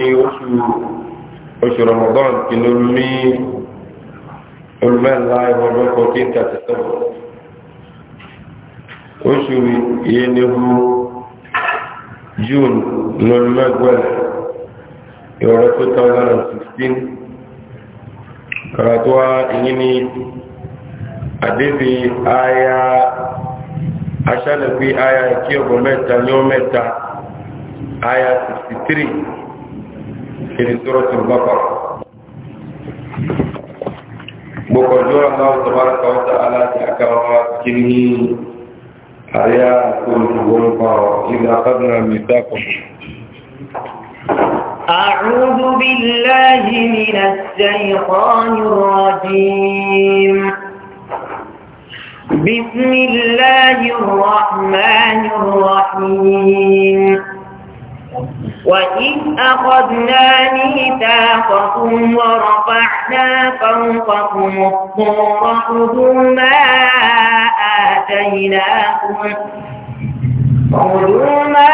oṣù oṣù ramadan kìnnú mi olùmẹ́la ìwọ̀dún fourteen thirty seven oṣù yẹnihu june lọ́lùmẹ́gbẹ̀lẹ̀ ìwọ̀dún two thousand and sixteen karatuwa ìyí ni àdébì aya aṣálẹ̀pé aya kí ọgbọ̀n mẹ́ta ní ọ mẹ́ta aya sixty three. في سورة البقرة بقول الله تبارك وتعالى تأكوا كنه أريا كنت غلقا إذا أخذنا ميثاقهم أعوذ بالله من الشيطان الرجيم بسم الله الرحمن الرحيم وإذ أخذنا ميثاقكم وَرَفَعْنَا فوقكم الطور خذوا ما آتيناكم خذوا ما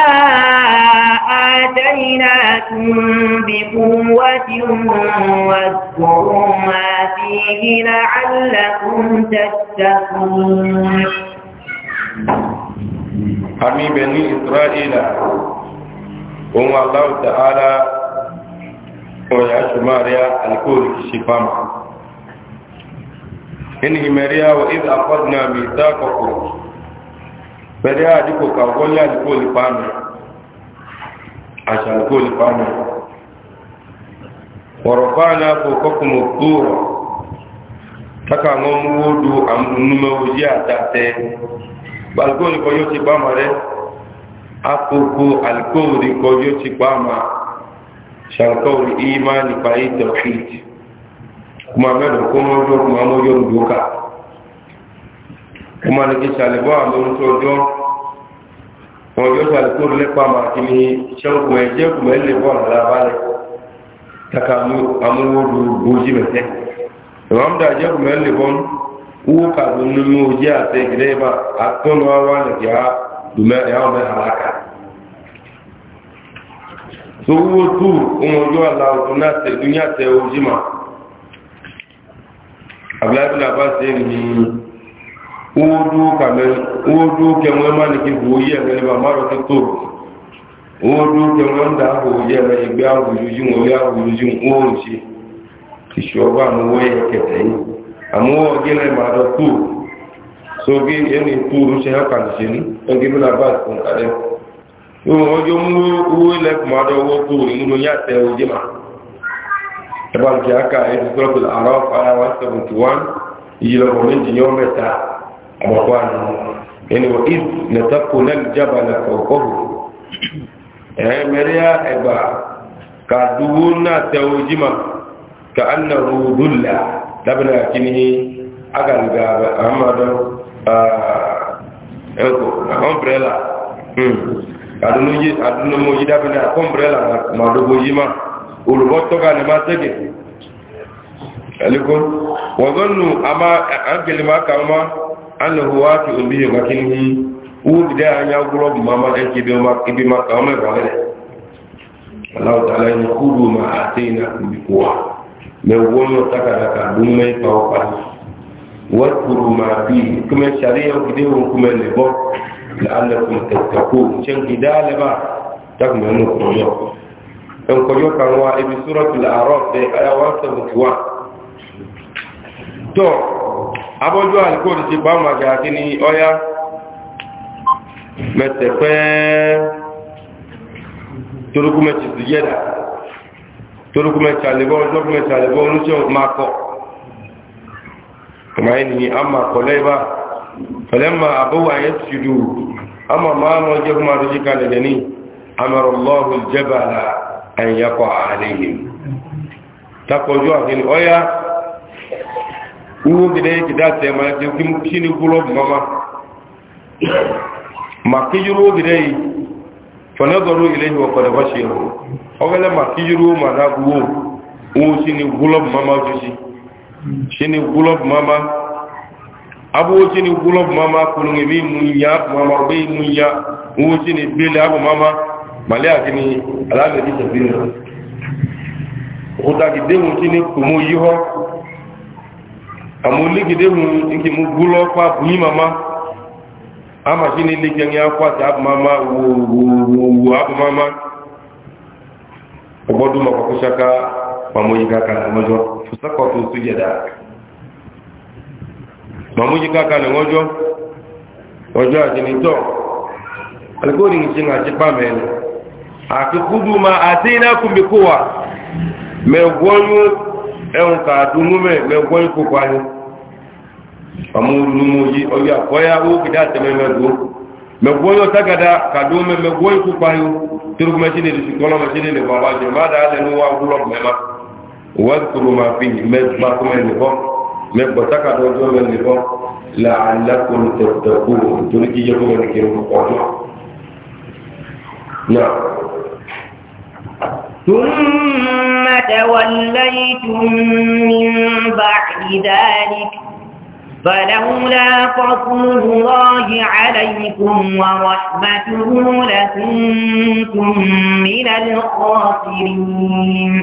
آتيناكم بقوة واذكروا ما فيه لعلكم تتقون حمي بني إسرائيل òun aláwọ̀ tẹ ara ọ̀yà ṣùmárìá alikóòlù ṣe fáma inú ìmẹ̀ríà wọ ìdá àpọ́dínà mi dákọ̀kọ̀ pẹ̀lẹ́ àdíkò kàwọ́lé alikóòlù fáma àṣà alikóòlù fáma ọ̀rọ̀ fáànà kò kọ́kùnmọ̀ kúrò taka àwọn ọmọ wọ́dù àmúnumẹ́wò yí àtàtẹ́ balikóòlù kan yóò ti bá rẹ̀ akoko alikowri kọjọ ti kpama ṣalikowri imani kuma mẹ́rin kọmọjọ kuma mọjọ ndoka kuma nìkí ṣalibọ́ àmọ́ntọ́jọ́ ọjọ́ ṣalikowri lẹ́kpama ti ní ṣẹ́kùnmẹ́ jẹ́kùnmẹ́ lẹ́bọ́ àlàbalẹ̀ taka amúwòdù bójì mẹ́tẹ́ ojú àwọn dume yawo so wo tu umojo ala otuna te dunya te ojima bụ bin abbas ni odu kame odu kemwe mani ki huye ngani ba maro ki tu odu kemwe nda huye na igbe awu o nchi ti shoba mo we kete amu ogele ma do sogi yẹni tuuru se hàn kàn sini ẹgbẹ bí nàbà kún kàdé yóò wọn yóò mú owó ilẹ̀ kùmà dọ̀ wọ́ tuuru nínú yà tẹ ojú ma ẹbá ti aka ẹbí kúrọ́pù àrà ọ̀fàrà one seventy one ìyílẹ̀ ọ̀rọ̀ méjì yọ mẹ́ta àbọ̀kọ́ àná yẹni wọ́n id nẹ̀tà kó jábà nà kọ̀ọ̀kọ́ ẹ̀ mẹ́rìá ẹ̀bà kà náà tẹ ojú ma kà á nà rúdúlà lábẹ́ nà kí agàlùgà àmàdọ́ ẹ̀kọ́ ọmbrẹ́là àdúnnàmójí ma ọmbrẹ́là màdógó yí máa olùbọ́ tọ́ka ní máa tẹ́gẹ̀ ẹ̀lẹ́kọ́ wọ̀gọ́nù àgbẹ̀lẹ̀ máa kà ọmọ anàhùwá ti òbí yóò kí ní owó gidẹ́ anya gúrọ́bù máa ẹ̀kì eh, ibi máa kà ọmọ ìbàlẹ̀ aláwọ̀tàlá ka eh, واذكروا ما فيه كما شريعه كده كما لبو لعلكم تتقون شن كده لبا تكم انه كويو ان كويو كان وا ابي سوره الاعراف ده ايه 171 تو abojo alikori ti ba ma ga kini oya metepe torukume ti sujeda torukume ti alebo ojo kama ni amma kolai ba falamma abawa yasjudu amma ma no je kuma ruji kale da ni amara Allahu al-jabala an yaqa alaihim takojo akini oya ya gide kidate ma je kim kini gulo mama makijuru gide fanadaru ilayhi wa qad bashiru ogale makijuru ma na guwo uwo sini gulo mama shini gulob mama abu shini gulob mama kulungi bi munya mama bi munya wo shini bele abu mama male akini alabe bi sabiri oda ki demu shini kumu yiho amuli ki demu inki mu gulob pa bumi mama ama shini likengi akwati abu mama wo wo abu mama obodu makokushaka mamoyika kana ngojo fusakotu sujada mamoyika kana ngojo ojo ajinito alikuwa ni chinga chipameni akikudu ma atina kumbikuwa megonyu enka dungume megonyu kukwani pamulumoji ojo akoya ukida tememegu megonyu tagada kadume megonyu kukwayo turukumechini lisikolomechini lebaba jemada atenuwa kulomema واذكروا ما فيه مكم النفاق مكبتك دوجو النفاق لعلكم تتقون تركي يكم الكريم قوة نعم ثم توليتم من بعد ذلك فلولا فضل الله عليكم ورحمته لكنتم من الخاسرين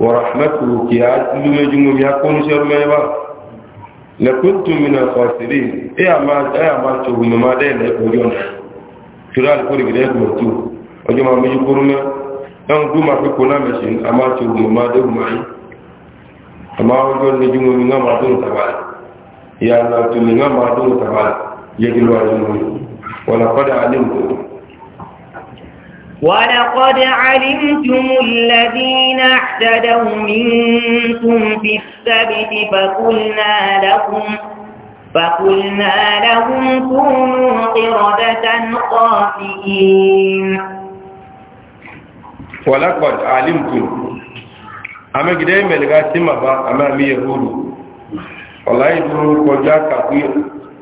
ورحمته كي عدل مجموم يكون شر ما يبا لكنت من الخاسرين ايه ما ايه ما تشوف ما دين يقولون ترى الكل كده يقولوا وجماعه مجي كورما ان دوما في كنا مشين اما تشوف ما ده معي اما وجون نجوم من ما دون تبع يا الله تمنا ما دون تبع يجلوا عليهم ولقد علمتم ولقد علمتم الذين اعتدوا منكم في السبت فقلنا لهم فقلنا لهم كونوا قردة خاسئين ولقد علمتم أما جدي ملغا سيما با أما مي يهود والله يقولوا كوجا كاكوي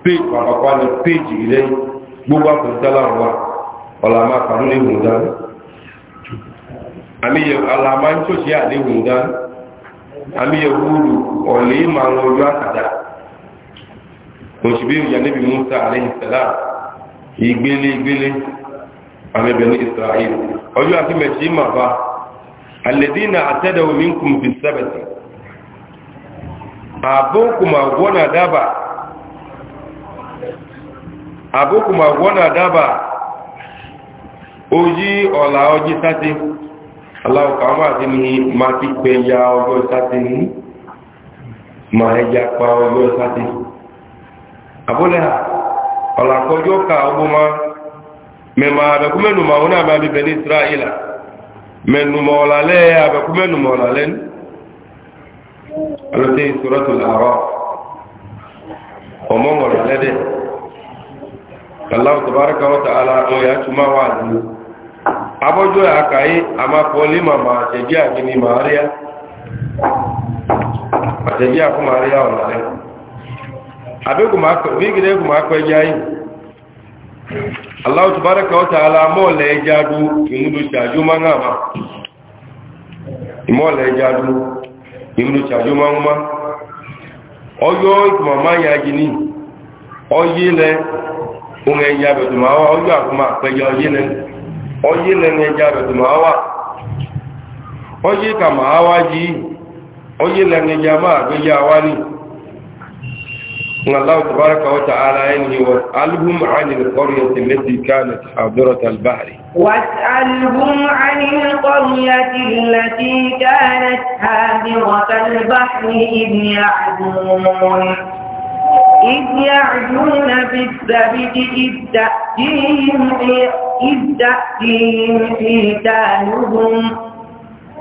بيج ما قال بيج إليه بوبا بنتلا الله ọ̀làmà pàdó lè wùn dání àmì ọ̀làmà ń tòṣì àdé wùn dání àmì ẹ̀wúrù ọ̀lẹ́ máa ń ọjọ́ àkàdá òṣìbí ìyá níbi musa àlẹ́yìn sẹ́lá ìgbélé ìgbélé àmì ẹ̀bẹ̀ni israel ọjọ́ àti mẹ̀ṣí mà bá alẹ́dínà àtẹ́dẹ̀ omi ń kùn fi sẹ́bẹ̀tì wọ́nà dábà ojí ọ̀là ọjí sáté aláwọ̀ká wà tí ni ma ti pẹ ya ọjọ́ sáté ní ma ẹja pa ọjọ́ sáté àbúlẹ̀ ọ̀làkọjọ́ ka ọgbọ́ ma mẹ́mà àbẹ̀kúmẹ́nùmà wọn náà bá ní israẹ́lá mẹ́nùmà ọ̀làlẹ́ àbẹ̀kúmẹ́nùmà ọ̀làlẹ́ alọ́tẹ́ ọmọ ọ̀làlẹ́dẹ̀ túnmá abọ́jọ́ àkàyé ma màmà àtẹ̀bí àgbìní màáríà àtẹ̀bí àkú màáríà ọ̀nà rẹ̀ àbíkùnmá ọtụtụ yìí aláwọ̀ tùbárẹ́kà ọ́ta alámọ́ọ̀lẹ̀ ẹjádú ìmúdùsàájú máa ń ọjọ́ àkùnmà lẹ́nu ọjí lẹ́nà ẹja rẹ̀ máa wà ọjí ka máa wá jí ọjí lẹ́nà ẹja máa gbéjá wá ní Allah tabaraka wa ta'ala yani wa alhum 'an al-qaryati allati kanat hadirat al-bahr was'alhum إذ يعجون في السبت إذ تأتيهم إذ تأتيهم حيتانهم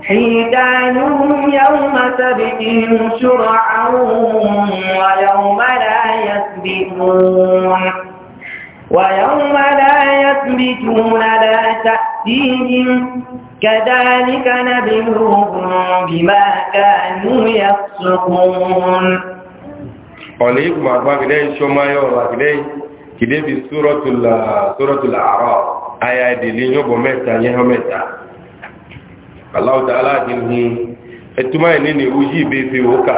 حيتانهم يوم سبتهم شرعا ويوم لا يسبتون ويوم لا يثبتون لا تأتيهم كذلك نبلوهم بما كانوا يفسقون ọ̀nà ìgbìmọ̀ àgbàgidẹ́ ìṣọ́máyọ̀ àgbàgidẹ́ kìdébì sórọ́tùlà àárọ̀ àyà ìdìlé yọ́bọ̀ mẹ́ta yẹ́họ́ mẹ́ta aláwọ̀dá aláàdínní ẹtùmá ìní ni ó yí ìbé fi wókà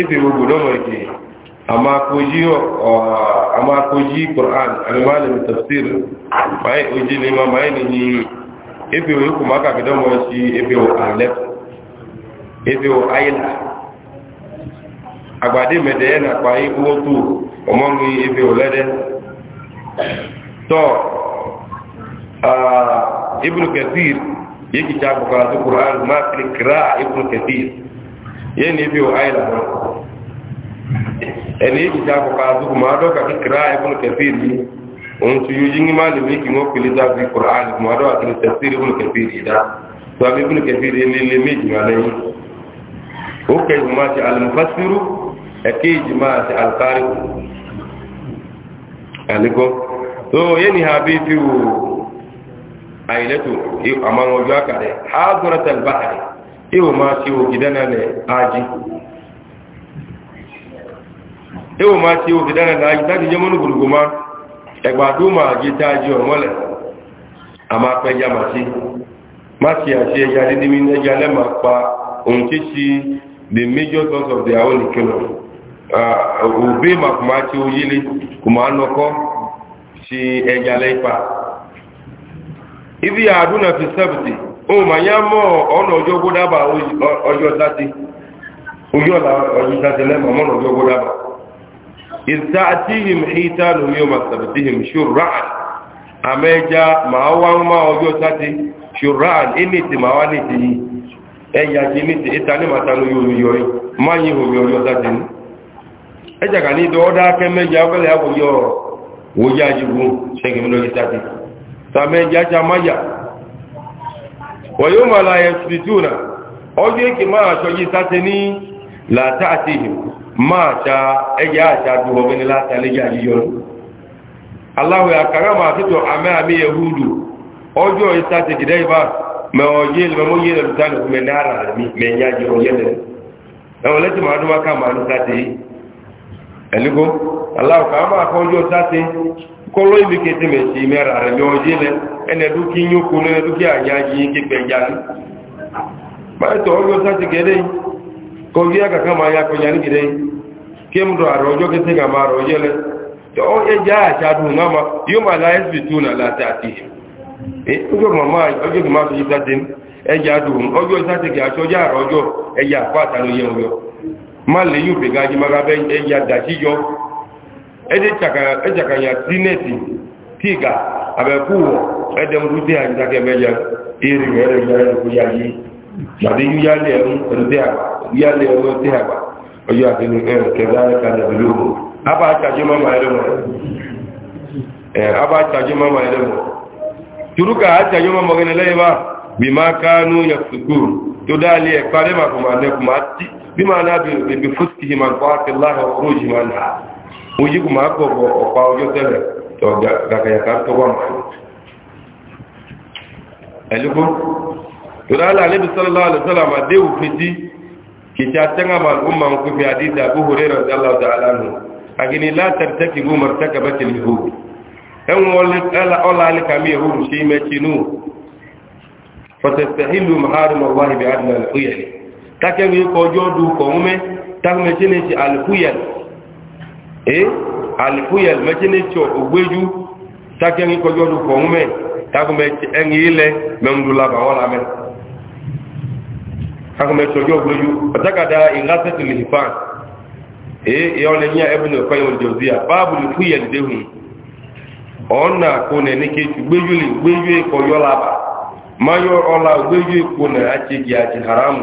ìfì gbogbo lọ́nà ìgbè àmàkójí quran alimálẹ̀ tafsir máyì ojí ni ma máyì ni ní ìfì wókù mákàkidọ́mọ̀ sí ìfì wò àlẹ́ ìfì wò àyílà agbade mede na kpa ikpo tu ọmọnu ebe olede tọ ibnu kathir yeki ca bukara tu ma kiri kira ibnu kathir ye ni ebe o ayila hɔ ɛni yeki ca bukara tu kuma dɔ ka ki kira ibnu kathir yi ohun tu yuji ŋi ma le mi ki ŋo kili ta fi qur'an kuma ibnu kathir yi da tɔ a bi ibnu kathir yi lele mi jima na yi o kɛ kuma ti alimufasiru. ẹ̀kejì máa ti alkari ẹ̀lẹ́kọ́ tó yẹ́ ni ha bí fi wò àìlẹ́tò àmà ọjọ́ àkàrẹ̀ ágọ́rẹ́tẹ̀lẹ̀ báyìí ihò máa ṣe òkìdánilẹ̀ ajé ihò máa ṣe òkìdánilẹ̀ ajé láti jẹ́ mọ́nù gbogbo máa ẹgbàdó máa jẹ́ tájí ọmọlẹ̀ àmà pẹja máa ṣe má ṣe àṣẹ ẹja dídí mi ẹja lẹ́màá pa òun kí ṣe the major source of their own economy òbí ma kùmá tí ó yílé kùmá nọkọ́ ṣe ẹja lẹ́pa ibi àdúnà fi sẹ́bìtì ohun ma yá mọ́ ọ̀nà ọjọ́ gbódábà ọjọ́ sáti ojú ọ̀la ọjọ́ sáti lẹ́mọ̀ mọ́nà ọjọ́ gbódábà ìta àti him hìta lómi ọmọ sẹ́bìtì him ṣùrán àmẹ́já ma wá ń má ọjọ́ sáti ṣùrán ẹni tí ma wá ní ti yí ẹ̀yà jí ní ti ìta ní màtánú yóò yọ yìí má yí omi ọjọ́ sáti ní ẹjàkà ní ìdọ́ ọdá akẹ́ mẹ́jà ọgbẹ́lẹ̀ àwòyọ wòyá ajígbó ṣẹ́gbẹ̀mílọ́gí sáti sàmẹ́jà jamáyà wọ̀yọ́ màlá ẹ̀sùlítúnà ọjọ́ èkè máa ṣọ́jí sáti ní látàtì máa ṣa ẹjà àṣà dùbọ̀gbẹ́ni látàlẹ́jà yíyọ ẹ̀lúgbó aláwọ̀ká máa kọ́ ojú ọ̀tá ti kọ́ ló ìbí kété mẹ́sì mẹ́ra rẹ̀ ní ojú ilẹ̀ ẹnẹ̀dú kí yíó kú ní ẹdú kí àyà yìí képe ẹja ní báyìtọ̀ ojú ọ̀tá ti gẹ́dẹ́ kọ́ bí akàkà máa ya kọjá ní gẹ́dẹ́ kí mú àrọ̀ ọjọ́ kété kà máa rọ̀ ojú ilẹ̀ tó ẹja àṣàdùn ma e, le yóò fi gaji maka bẹ ẹyà yọ ẹjàkà yà tíga tí a ń takẹ̀ mẹ́jà eré rẹ̀ rẹ̀ kó yá yí tàbí yálẹ̀ ẹ̀rù tí a gbà ọjọ́ àfihàn ẹ̀rù kẹta ẹ̀ka dàbí lóko abá àtàjẹ́ mọ́mà ẹ̀rẹ́ mọ́ abá mọ́ turuka kánú yẹ بمعنى بفتحهم عن طاعة الله وخروجهم عنها ويجيكم معكم وقاو جوتنا توقع يكام توقع ẹlùkún tọ́lá alẹ́bí sọ́lọ́lá alẹ́sọ́lọ́mà déwù fìdí kìtà tẹ́ngàmà al'umma ń kúfẹ́ àdídà búhù rẹ̀rọ̀ aláwọ̀dá aláàrùn agini látàrítẹ́kì bú martaka bá tẹ̀lé hù ẹ̀wọ̀n ọlá alẹ́kàmí ẹ̀hùrù ṣe takẹ́wé kọjọ́ du kọ̀ọ́mẹ́ takẹ́mẹ́tí ní ti alifuyel eh alifuyel mẹ́tí ní tí ògbéjú takẹ́wé kọjọ́ du kọ̀ọ́mẹ́ takẹ́mẹ́tí ẹni ilẹ̀ mẹ́mdúlábà wọ́n lámẹ́ takẹ́mẹ́tí ọjọ́ ògbéjú ọ̀tàkàdá ìlàsẹ̀tì lìfàn ọ̀nà kónẹ̀ ní gbéjú gbéjú àti haramu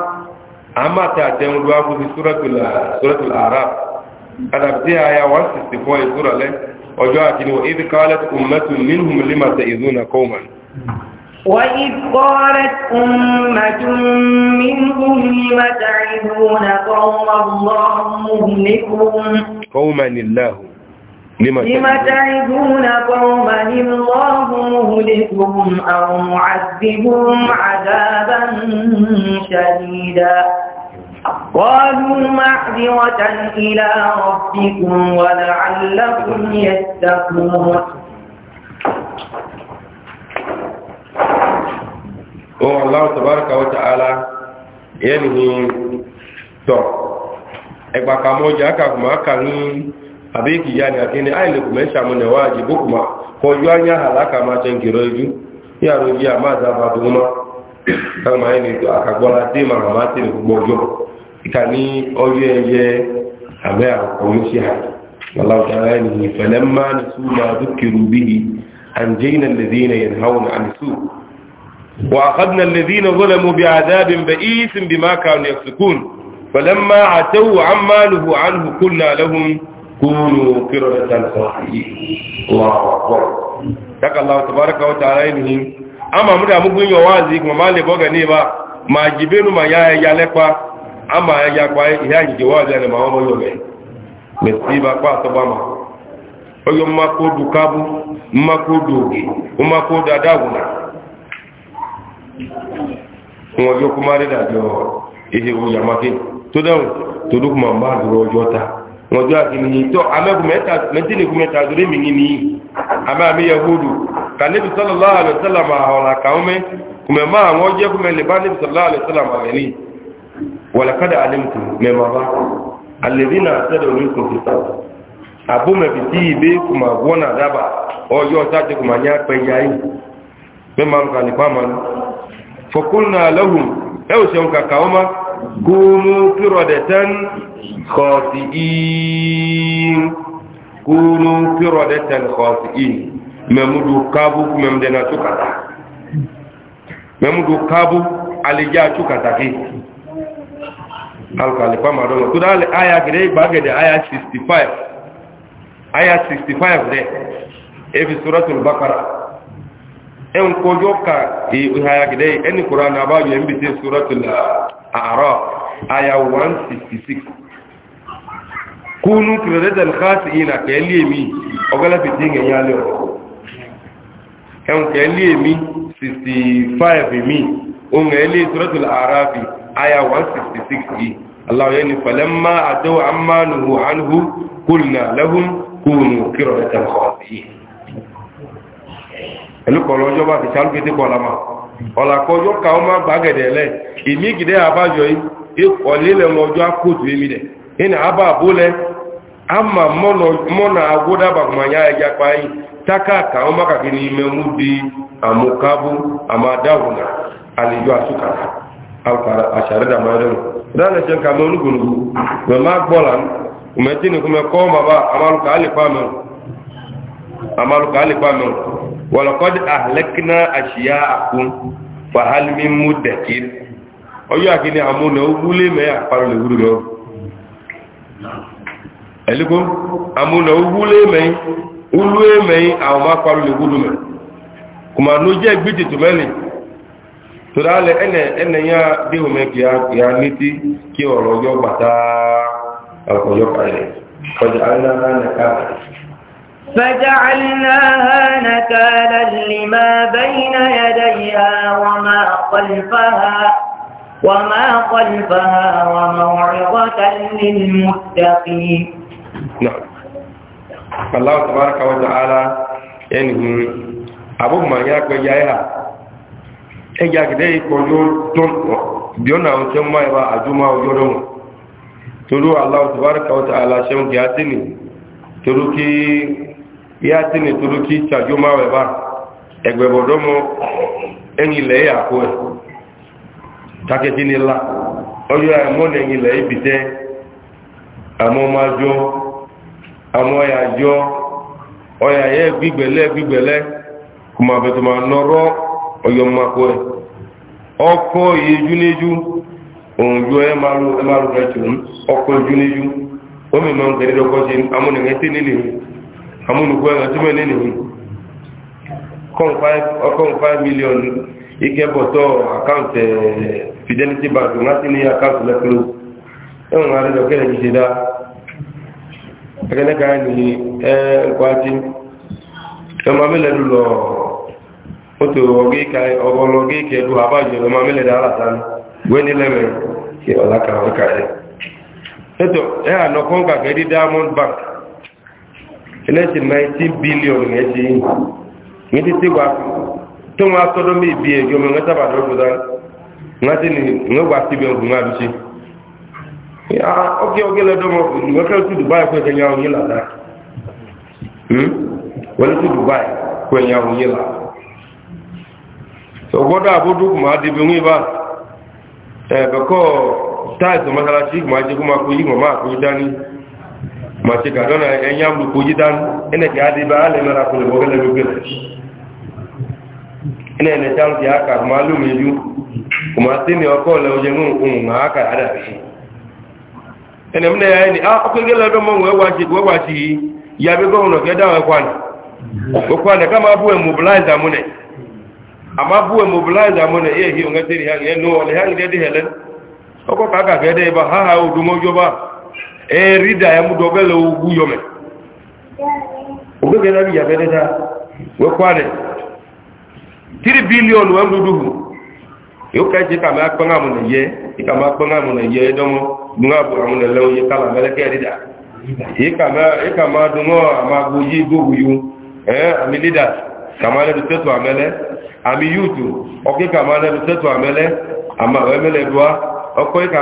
amma ta den ruwa ku suratul suratul arab adabti aya 164 sura le ojo akini wa idh qalat ummatun minhum lima ta'izuna qauman وإذ قالت أمة منهم لم تعدون قوم الله مهلكهم قوما الله لم تعدون قوما الله مهلكهم أو معذبهم عذابا شديدا قالوا معذرة إلى ربكم ولعلكم يتقون Oh Allah tabaraka wa ta'ala yani to e ba ka moja ka kuma ka ni abe ki yani akini ai le kuma sha mun waji bu kuma ko yuanya halaka ma tan giroju ya roji ma za ba duma kan ma ni to aka gbola ti ma ma ti ni gbojo ikani oye eye abe a ko yo si ha wallahu ta'ala ni falamma nasu ma فلما عتوا عما نهوا عنه قلنا لهم كونوا قردة صحيح الله أكبر تك الله تبارك وتعالى إنهم أما مدى مقوين يوازي وما لبغى نيبا ما جبين ما يا يا لقوا أما يا قوا يا جوازي أنا ما هو يومي مسيبا قوا تباما oyo mmakodu kabu mmakodu oge mmakodu adaguna wọn yóò kó má ihe dàjọ ìhèrò yàmáké tó dáhùn tó ŋɔdzo akini tɔ ame ko mɛta mɛtini ko mɛta do ɖe ame ame yevudu ka nebi sɔlɔlɔ alo sɛlɛm ahɔla kawo mɛ kòmɛ ma ŋɔdzo kòmɛ le ba nebi sɔlɔlɔ alo sɛlɛm ahɔli wòle kada alimtu mɛ ma ba alevi na sɛ do mi kofi sa abo mɛ fiti yi be kòmɛ wɔna daba ɔyɔ sadi kòmɛ anya kpɛ ya yi mɛ ma nuka nipa ma nu fɔkulu na alahum ɛwɔ sɛ nuka ma kóomu kúrɔ dɛ tɛn. خاطئين كونوا قردة خاطئين ممدو كابو ممدنا تكتا ممدو كابو عليجا تكتا كي alkali fama dɔn kuda ale aya gɛrɛ bagɛdɛ aya 65 aya 65 dɛ ebi suratul bakara ɛn kojo ka aya gɛrɛ ɛni kuran na b'a yɛ n bi suratul uh, arɔ aya 166 kunu kiradata alkhasiina kẹ́lí èmi ọgọ́lá fi dín ẹ̀yà lẹ́ ọ̀rọ̀ ẹ̀hùn kẹ́lí èmi 65 èmi ohun ẹ̀lé suratul arafi aya 166 yìí aláwọ̀yẹ́ ni falamma àtẹ́wò amánuhu anhu kulna lahum kunu kiradata alkhasiina ẹ̀lú kọ̀ọ̀lọ́ ọjọ́ bá ti sálùkẹ́tẹ́ kọ́ lamá ọ̀làkọ́jọ́ ka ọmọ gbàgẹ̀dẹ̀ lẹ̀ ìmí gidẹ́ àbájọ yìí ọ̀lẹ́lẹ̀ ọjọ́ akóòtù èmi dẹ̀ ina aba abule ama mụ na agwụda ma ya jakpa anyị taka ka ọ maka gị n'ime mụ bi amụkabụ amadawuna aliju asụkara alkara asharida marewu dana chen ka me onugunugu me ma gbọla me tini kume kọ maba amaluka alikwa me amaluka alikwa me walakọd ahlekna ashiya akum fahalmi mudekir ọjọ akini amụ na ogwule me akparụ lewuru gị ọgwụ ẹ̀lẹ́gbó àmúnà ogúlé mẹ́yìn olú mẹ́yìn àwọn máa parú lè gúdù mẹ́ kò máa ló jẹ́ gbídì tó mẹ́lì tó dálẹ̀ ẹnẹ̀ yá déhù mẹ́ kí a létí kí ọ̀rọ̀ yọ gbàtà àkọ̀yọ́ kalẹ̀ ọjà فجعلناها نكالا لما بين يديها وما خلفها وما خلفها وموعظة للمتقين na'am Allah tabaraka wa ta'ala yanhu abu ma ya ko ya ya e ya gide ko jo don bi ona o chen mai ba ajuma o jo don turu Allah tabaraka wa ta'ala shem ya tini turu ki ya tini turu ki ya ni ibite àmọ́ ọ̀yà yọ ọ̀yà yẹ gbígbẹ̀lẹ́ gbígbẹ̀lẹ́ kò máa bẹ̀tọ̀ máa nọ́rọ́ ọ̀yọ́ mako ẹ̀ ọkọ̀ ìyejú níjú òun yọ ẹ máa lù rẹ̀ tù ń ọkọ̀ ìyejú níjú ó mi máa ń tí amúnìkú ọkọ̀n 5 million account eh, fidelity bank láti ní account lẹ́kọ̀ọ́ ẹ̀wọ̀n ẹgẹ́lẹ́ ká ní ẹ̀ẹ́kwájí ọmọ mílẹ̀ lọ oto ọgọ́lọ́gé kẹdù àbájọ ọmọ mílẹ̀ dáadáa wẹ́ni lẹ́mẹ̀ kí ọ̀láka ẹ̀ ẹ̀tọ́ diamond bank billion ti ní títí wà tó wọn atọ́dọ́ mi ìbí ọkẹ ọkẹ lẹdọmọ ìgbẹkẹ tó dubai kó ẹkẹ yàwó yìí làdá wọlé tó dubai kó ẹkẹ yàwó yìí làdá ọgbọdọ àbúdú kùmà dìbò ń bá ẹbẹkọ táìsì mọsálásí kùmà jẹ kó máa kó yí màmá àkójú dání màá ṣe gàdọ́nà ẹ̀yìn àmì kójú dání ẹnẹ mi náà yà ni ah ọkọ ìgbẹ́ lọ́dọ̀ mọ́ wẹ́wà sí wẹ́wà sí yìí yà bí gómìnà kẹ́ dáwọn ẹ̀kọ́ àná ẹ̀kọ́ àná ká máa bú ẹ̀ mobilizer mu nẹ̀ àmá bú ẹ̀ mobilizer mu nẹ̀ èyí òun ẹ̀sẹ̀ ìhàn ẹ̀ nù ọ̀lẹ̀ hàn dẹ́dẹ́ hẹ̀lẹ́ ọkọ̀ kàkà kẹ́ dẹ́ ibà háhà odòmọ́jọ́ bá ẹ̀ 3 bílíọ̀nù ẹ̀ yóò kẹ́jì kà máa kpọ́n àmú nà yẹ ìkà máa kpọ́n àmú nà yẹ dọ́mọ́ dùn àbò àmú nà lẹ́wọ́ yẹ kálà mẹ́lẹ́kẹ́ dídà ìkà máa dùn ọ́ àmàgbò yí gbòwù àmì lídà kà máa àmẹ́lẹ́ àmì yúùtù àmà ẹ̀mẹ́lẹ́ dùá ọkọ́ ìkà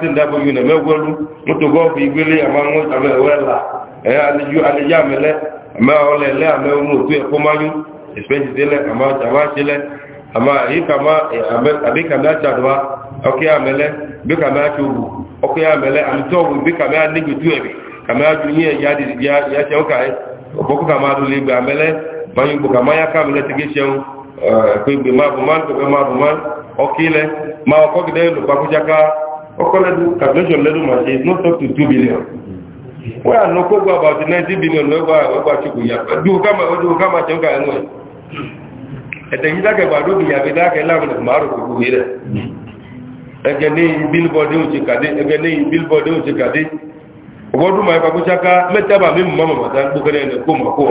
ti ń yìí nà gọ́ọ̀fù ìgbélé àmà ẹ̀kọ́ expenses dele ama ama chile ama hika ma eh, abika na chadwa okay amele bika ma chu okay amele amto bika ma nigi tuwe kama junye ya ya ya choka eh boko amele bayu boka ma kamele tigishe ko bi ma bu okile ma ko gde lo ba ku jaka okole du calculation le du ma to 2 billion wọ́n àná kó gba about 19 billion lọ́gbà ọgbà ṣùgbù yàgbà dúó káàmà tí ó kà ẹnu ẹ̀ ẹ̀tẹ̀ yí dákẹ̀ gbà lóbi yàgbé dákẹ̀ láàrin márùn gbogbo rẹ̀ ẹgẹ́ ní bílbọ̀dé òjì kàdé ọgbọ́dún ma ipa kúṣáká mẹ́tẹ́bà mímú mọ́ mọ̀mọ̀ta gbókẹ́rẹ́ ẹ̀nà kó mọ̀ kó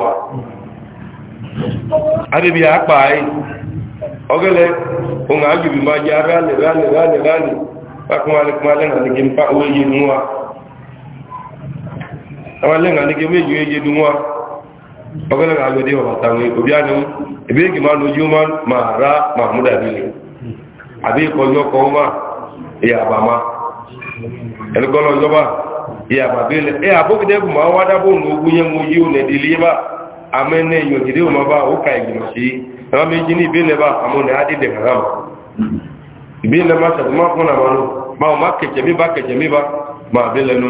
wa àwọn lẹ́ngà ní kí méjì méjì dún wá ọgọ́lẹ́gà agbẹ̀dẹ́ ọ̀tàwọn òbí àníwú ìbí èkì máa lójú máa rá máa múdà bílẹ̀ àbí ìkọjọ́ kọ́ wá ìyàbà má ẹnìkọ́lọ́ ìjọba ìyàbà bílẹ̀ ẹ àbókìdẹ́kù máa wá dábò ògùn yẹn mo yí ònà ìdílé bá amẹ́nẹ́ ìyọ̀kìdé òmà bá ó ka ìgbìmọ̀ sí ẹwà méjì ní ìbílẹ̀ bá àmọ́nà àdídẹ̀ haram ìbílẹ̀ má sàtúmọ́ fún àmọ́nà máa kẹ̀kẹ̀ mí bá kẹ̀kẹ̀ mí bá máa bílẹ̀ nù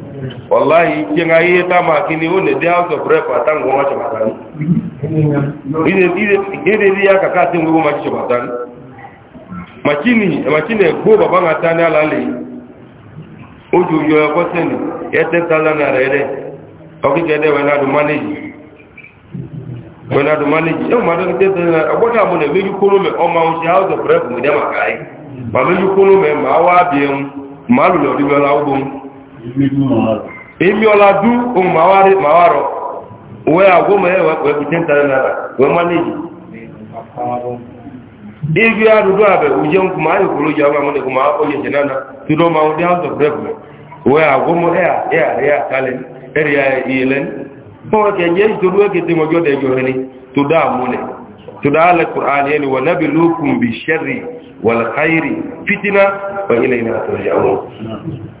wallahi kin ayi ta ma kini o ne dia so pre pa tan go ma chama tan ide ide ide dia ka ka tin go ma chama tan machini machine go baba nga tan ala le oju yo ko sen ye te na re re o na du manage we na te te na ta mo ne meju koro me o ma o si house of rep mu de ma kai ma meju koro me ma wa èmi ọ̀la dú ohun màá rọ òwe àgọ́mọ̀ ẹ̀wẹ̀ pẹ̀lú ẹ̀kú ten thousand naira wẹ́ mánéjì igi arúgbó àbẹ̀ òjẹ́ ń kùmà ayò kúrò jẹ́ ọmọ ọmọdé kùmà ọyẹ jẹ́ náà tí ló máa ń dé house of rep òwe àgọ́mọ̀ ẹ̀yà ẹ̀yà kálẹ̀ ẹ̀rẹ̀ ìyẹlẹ́ni fún ọkẹ̀ jẹ́ ìṣòro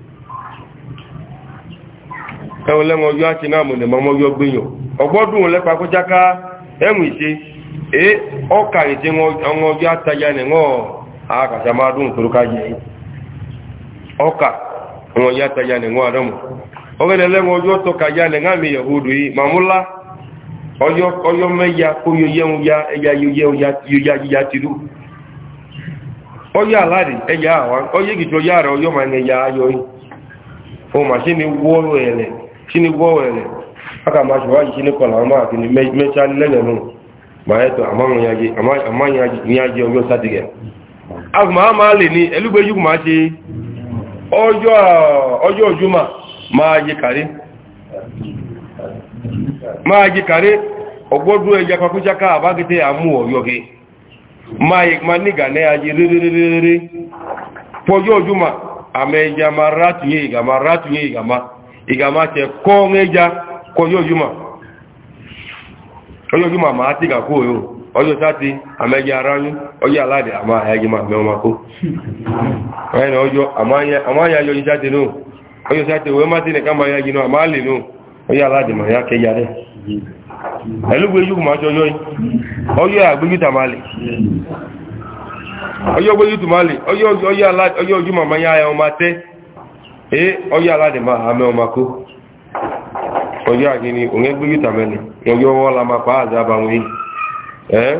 ẹwọ lẹ́mọ ọjọ́ àti náà mọ̀ nìmọ̀ ọmọ ọjọ́ gbìyàn ọgbọ́dún lẹ́pa kó jáká ẹ̀wùn ìṣe é ọkà ìṣe ọmọ ọjọ́ àtajà nìwọ̀n àkàṣà máa dùn ọkà ọmọ ọjọ́ àtajà nìwọ̀n àdọ́mù ọjọ́ nìwọ̀n yahudu yìí màmúlá mẹ́ya ya ẹ̀yà yóyá chini gwowere aka ma shuwa chini kola ma kini mecha lele nu ma eto amamu yaji amamu yaji yaji oyo sadige azu ma ma le ni elugbe yugu ma se ojo ojo ojuma ma ye kare ma ye kare ogbodu eja pakuja ka abagite amu oyo ke ma ye ma ni gane aji re re re re pojo ojuma ameja maratu ye gama ratu ye ìgàmáṣẹ kọ́ ẹ́já kọjọ́júmọ̀ ọjọ́júmọ̀ máa tí kàkó yóò ọjọ́ sáti ara aráyú ọjọ́ aláàdẹ̀ àmá ayájúmọ̀ mẹ́wọ́mákó ẹ̀nà ọjọ́ àmáyájọ́ ìjáde náà ọjọ́ sáti wẹ́ máa tí nìkan máa yájú náà máa lè náà ọjọ́ aláàdẹ̀ máa yá kẹjá rẹ̀ ẹ̀lúgbẹ́ yóò máa ee eh, ọjọ́ aládì máa hàmẹ́ ọmọkó ọjọ́ àgíní òǹgbégbé tàmẹ́lì ọjọ́ wọ́la máa pa àzába wọn yìí ẹ́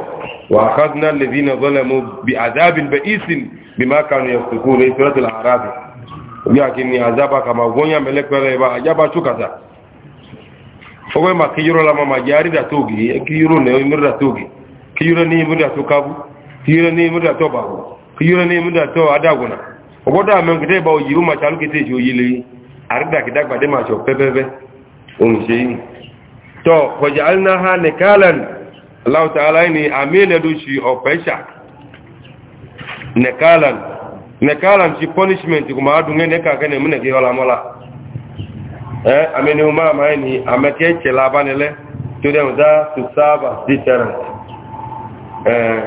wà kádínà lè bí na zọ́lẹ̀ mú bí àzábìn bẹ ìsìn bí máa kànú ẹ̀kùnkú rẹ̀ ìfẹ́rẹ́tìlà àrábì ọjọ́ àgíní àzába kàmà wọ́nyà mẹ́lẹ́pẹ́rẹ́ ẹ̀bá àjábá túkàtà ọgbẹ́ ma kíyúrọ́ la máa jẹ́ àrídà tóògì kíyúrọ́ ní mẹ́rẹ́dà tóògì kíyúrọ́ ní mẹ́rẹ́dà tó kábú kíyúrọ́ ní mẹ́rẹ́dà tó bàbú kíyúrọ́ ní mẹ́rẹ́dà tó adágùnà ogodo amen kete ba oyiru ma chalu kete ji oyile arida kidagba de ma so pepebe ohun se yi to wajalna ha nikalan allah ta'ala ni amene du shi opesha nikalan nikalan shi punishment kuma adu ne ka mola eh amene uma ma ni amake che la banele to de za to serve as deterrent eh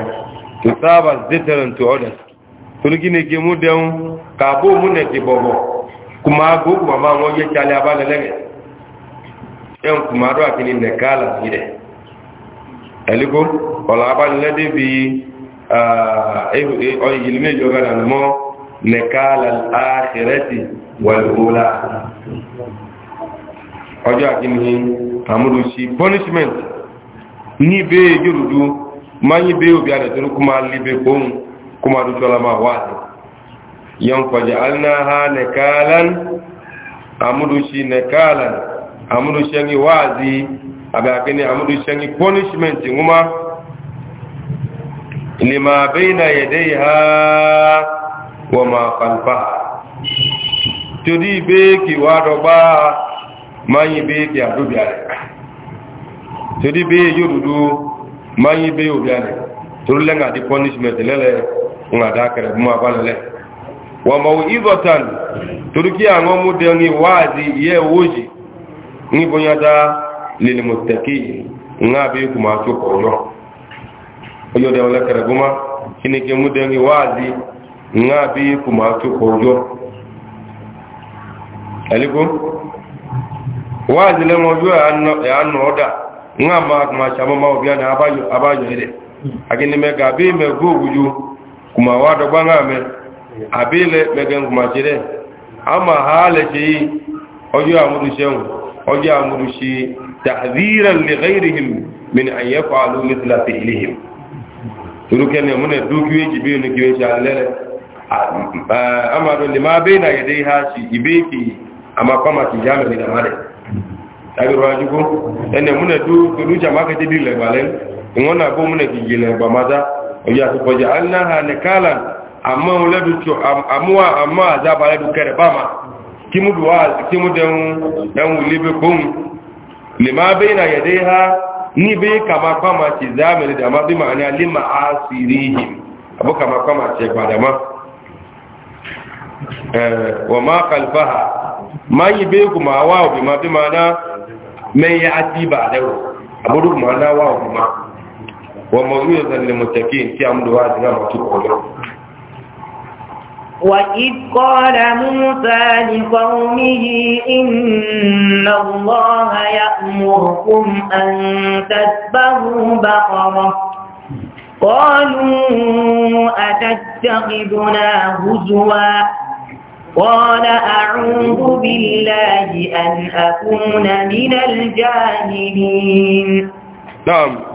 to serve as deterrent to others toliki ne ke mu dɛn k'a bo mu ne ti bɔbɔ kuma go kuma ma ŋɔ ye cali a ba lɛlɛgɛ ɛn kuma dɔ a kini nɛ k'a la bi dɛ ɛliko ɔlɔ a ba lɛ de bi ɔ yelime jɔ ka na mɔ nɛ k'a la ahirɛti wali o la ɔjɔ a kini amudu si punishment ni bee jorudu maa nyi bee obi a nɛ toro kuma libe kpoŋ. kuma duk ma wata yan kwaje alnaha nakalan amudushi nakalan amudushi yanyi wazi abakini amudushi yanyi punishment nguma lima baina yadayha wa ma khalfaha tudi beki wadoba mayi beki adubiare tudi be yududu mayi be ubiare torí lẹ́ngà di punishment lẹ́lẹ́ ń àdá kẹrẹ mú abálẹ́lẹ́ wọ́n mọ̀ ìzọ̀tàn torí kí àwọn ọmọdé ní wáàdí iye owójì ní bóyádá lèlèmọ̀tẹ̀kì ńlá bí i kùmà tó kọ̀ lọ oyóde ọlẹ́kẹrẹ gúnmá kí ni kí ọmọdé ní wáàdí ńlá agini me ga bi me go kuma wa do abile me gen jire ama hale ji ojo amuru sheun ojo amuru shi tahdhiran li ghayrihim min an yaf'alu mithla fi'lihim turuke ne mun dukiwe jibe ne kiwe sha lele ama do lima baina yadai hashi ibeki ama kama kijame ni ene du bi le balen ìwọ́n náà bó múnẹ̀ kì jìnà ìbàmádá òyí àtúkọjá aláha nìkálà àmọ́ àzába lẹ́dù kẹrẹ bá ma kí mú dẹun ẹ̀hùn ilébé kóhùn lè máa bẹ́ ìnà yẹ̀dẹ́ ha níbi kàmà pàmà ti zámẹ̀lẹ̀ dàmà bí ma ní alé ma á sì rí yìí àbú kàmà pàmà ti ẹgbàdàmá wọ́n máa kàlùfà ha máa yìí bẹ́ kùmà wá òbí ma bí ma ná mẹ́yẹ àti ìbàdẹ̀wò àbúrò kùmà ná wá òbí ma وموعظة للمتقين في أمر واجب مكتوب وإذ قال موسى لقومه إن الله يأمركم أن تسبهوا بقرة قالوا أتتخذنا هزوا قال أعوذ بالله أن أكون من الجاهلين نعم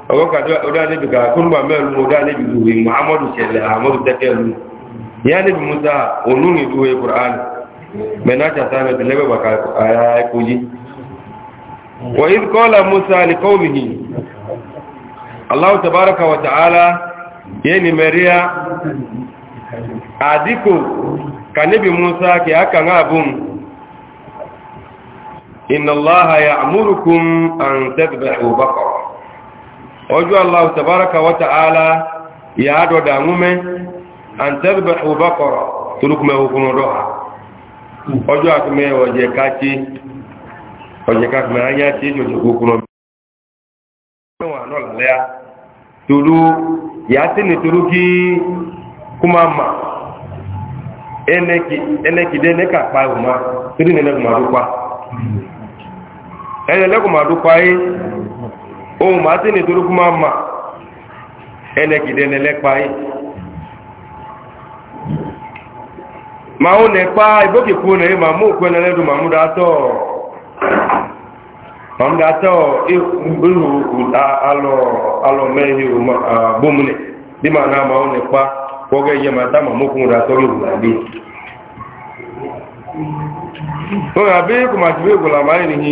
ọgọ́ kàdọ́ ọdá níbi kà kúrùgbà mẹ́rin ọdá níbi ìwé muhammadu ṣẹlẹ̀ ahmadu tẹ́kẹ̀lú ya níbi musa onúrin ìwé kùránì mẹ́nàṣà sáàmẹ́ tẹ́lẹ́gbẹ̀gbà àyà ẹkùnjí wà ní kọ́lá musa ní kọ́wìhì aláwọ̀ tàbáraka wa ta'ala yẹ́ ojú Allah tabaraka wa ta'ala ya ado da ngume an tadbahu baqara turukme hukumu doha ojú akume oje kachi oje kakme anya ti oje hukumu wa no lalea tulu ya tini turuki kuma ma eneki eneki de ne ka ohun ma ti ni torí kú máa ma ẹnẹkìdẹ nẹlẹpa yìí ma ó nẹpa ìgbókèkú nẹ ma mú òkú ẹnẹlẹ́dùn ma mú dátọ́ ma alọ bí ma náà ma ó nekpa kọ́gẹ́ yẹ ma dá ma mú kún àbí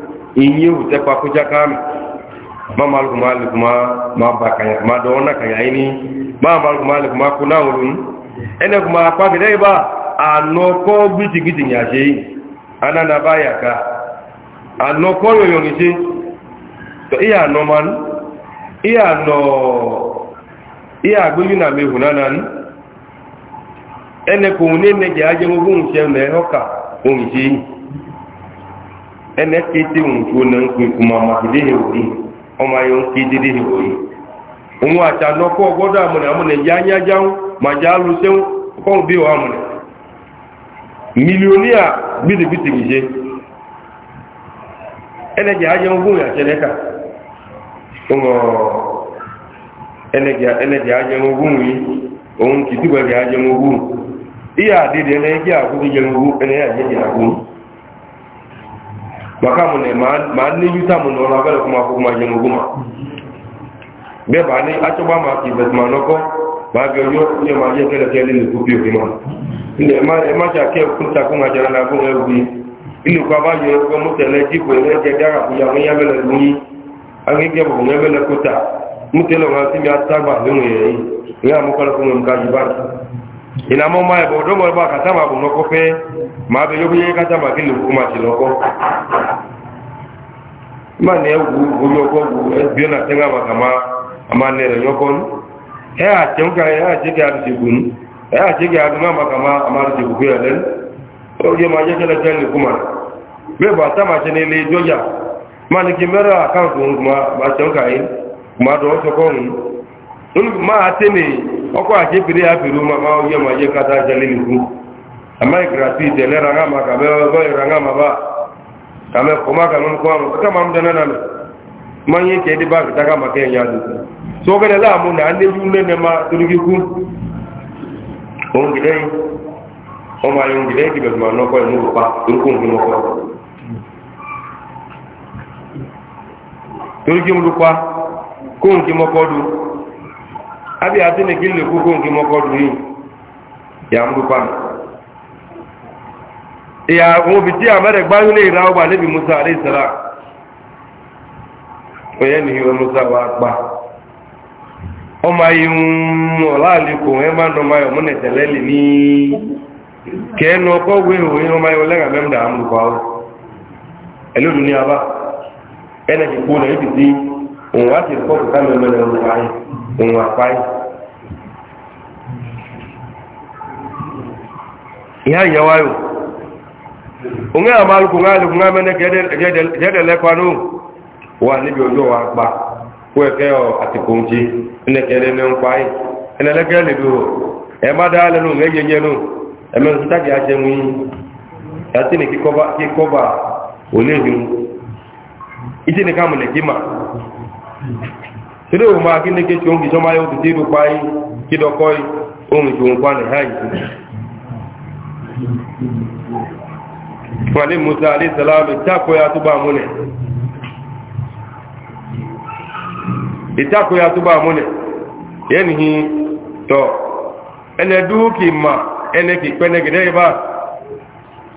inye wute kwa kuja kame ma malu kuma ali kuma ma ba kanya ma do na kanya ini ma ma kuma ali kuma kuna ulun ene kuma kwa gide ba anoko biti biti nya je ana na baya ka anoko yoyo ni je to iya no man iya no iya na mehu nanan ene ko ne ne dza aje mo bun se me hoka o mi je ene kiti nku na nku kuma ma hidihi oyi ọma ya nku hidihi oyi òun àti ànọ́kọ́ ọgbọ́dọ̀ àmúnẹ̀ àmúnẹ̀ yá yá jáun màá já lu sẹ́wọ́n kọ́hùn bí wọ́n àmúnẹ̀ mílíọ̀níà gbìdìgbìdì nìyẹn ẹnẹgì ayẹun fún ìyàtẹ̀lẹ́kà ẹnẹgì ayẹun maka mu ne ma ne yuta mu no la bele kuma ko kuma jengu kuma be ba ma ki ma noko ba ga ma je ni ma ne ma e ma ja ke ku ta ku ma jara na ku ne bi ile ko ba yo ko mu tele ji ko ne je dara ku ya ya bele ni an ke bu ne ku ta mu tele ma ti ya ta ba ni ye ya mu ko ko mu ka ji ba ina máa bẹ yóò yẹ kájà máa kí lè kó máa ti lọ́kọ́ máa ní ẹwù orí ọkọ̀ wù ẹgbẹ́ ama tẹ́ngà máa kà máa àmà ní ẹ̀rẹ̀ yọkọ́ ní ẹ àtẹ́wùká ẹ àjẹ́kẹ́ àdùjẹ̀kù ní ẹ àjẹ́kẹ́ àdùmá máa kà máa àmà àdùjẹ̀kù fún ẹ̀lẹ́ ó yẹ máa ma kẹ́lẹ́ kẹ́lẹ́ kó ma ma kata amaghị grafit ele raga ma ka mee raga ma ba ka mee kọma ka nụnụ kọma ka ma mdana na mmanya ike dị bak daga maka enye adị so ogene la mụ na ndị ju nne ma turugikwu ongidei ọma ya ongidei gị bebuma n'ọkọ ya n'ụkpa turukwu ngụ n'ọkọ turugị mdụkwa kongi mọkọdụ abịa adị na gị lekwu kongi mọkọdụ yi ya mdụkwa ìyàwó àwọn bí tí a mẹ́rẹ̀ gbáyún lè ra ọgbà níbi musa àrí ìsára ọ̀yẹ́ ni ìwọ̀n musa wà gbà ọmọ a ọ̀láàlẹ́kò ẹ máa nọ máa ọmọ nẹ̀tẹ̀lẹ́ lè ní kẹ́ẹ̀nù ọkọ̀wé ní ìhá ìyàwó ayò onye amaluku nga aluku nga mene jede lekwanu wa nibi ojo wa pa kwe keo atikunji ne kele ne nkwai ene le kele du e ma da le nu ngeje nyenu e me kikoba kima si ma kini ke chongi choma yo ti du pai kidokoi o wani musa alaihissalami ta koya tuba mune ita koya tuba mune yanihi to ene duki ma ene ki kwene gidai ba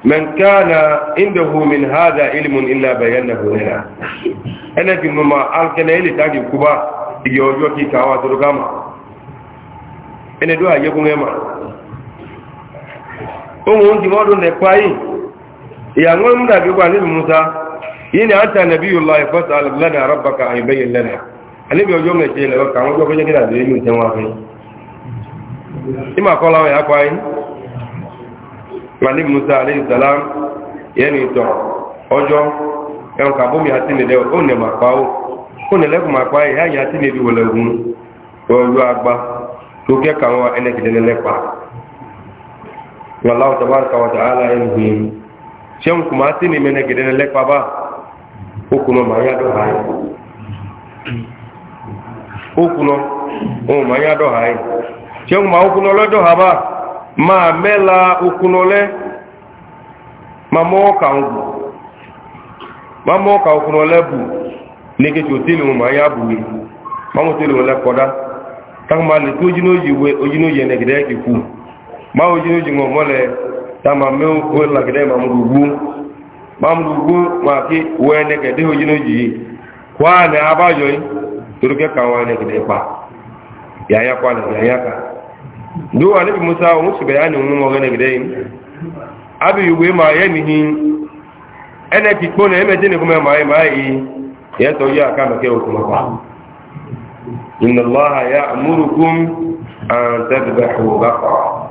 man kana indahu min hadha ilmun illa bayanahu lana ene ki mama an kana ile tagi kuba iyojo ki kawa to kama ene do aye kunema ohun ìyàwó ń dàbí wà níbi musa yìí ni a ń ta nàbí yóò lọ ìfọ́sà lẹ́nà àrọ́bàkà àìbẹ̀yẹ lẹ́nà àníbi ọjọ́ mẹ́ṣe lẹ́wọ́ kà wọ́n jọ́kọ́ jẹ́kẹ́ dàbí yóò tẹ́ wọn fún ìmọ̀ àkọ́lá wọn yàkọ́ ayé wà níbi musa alẹ́ ìsàlám yẹn ni ìtọ̀ ọjọ́ ẹ̀wọ̀n kà bómi àti nìdẹ́ ó nẹ̀ mà pa ó ó ẹ̀ yáyà àti nìdí wọlé ogun tiɛn kuma ati ni mɛnɛ gɛdɛ lɛ kpaba o kunɔ maa ya dɔ haa ye o kunɔ o maa ya dɔ ha ye maa mɛ la o ma kan bu ma kan o kunɔ lɛ bu ya bu ma mo teli o lɛ kɔda le to ma ojino tama me o la gede ma mu gu ma mu gu ma ki we ne ke de hoji no ji kwa ne aba yo yi turu ke kan wa ne gede pa ya ya kwa ne ya ya ka do wa ne bi musa o musu bayani mu mo gene gede yi abi yuwe ma ye ni hin ene ki ko ne me de ne ko me ma ye ma yi ya to ya ka me ke o kuma pa inna allaha ya'murukum an tadbahu baqara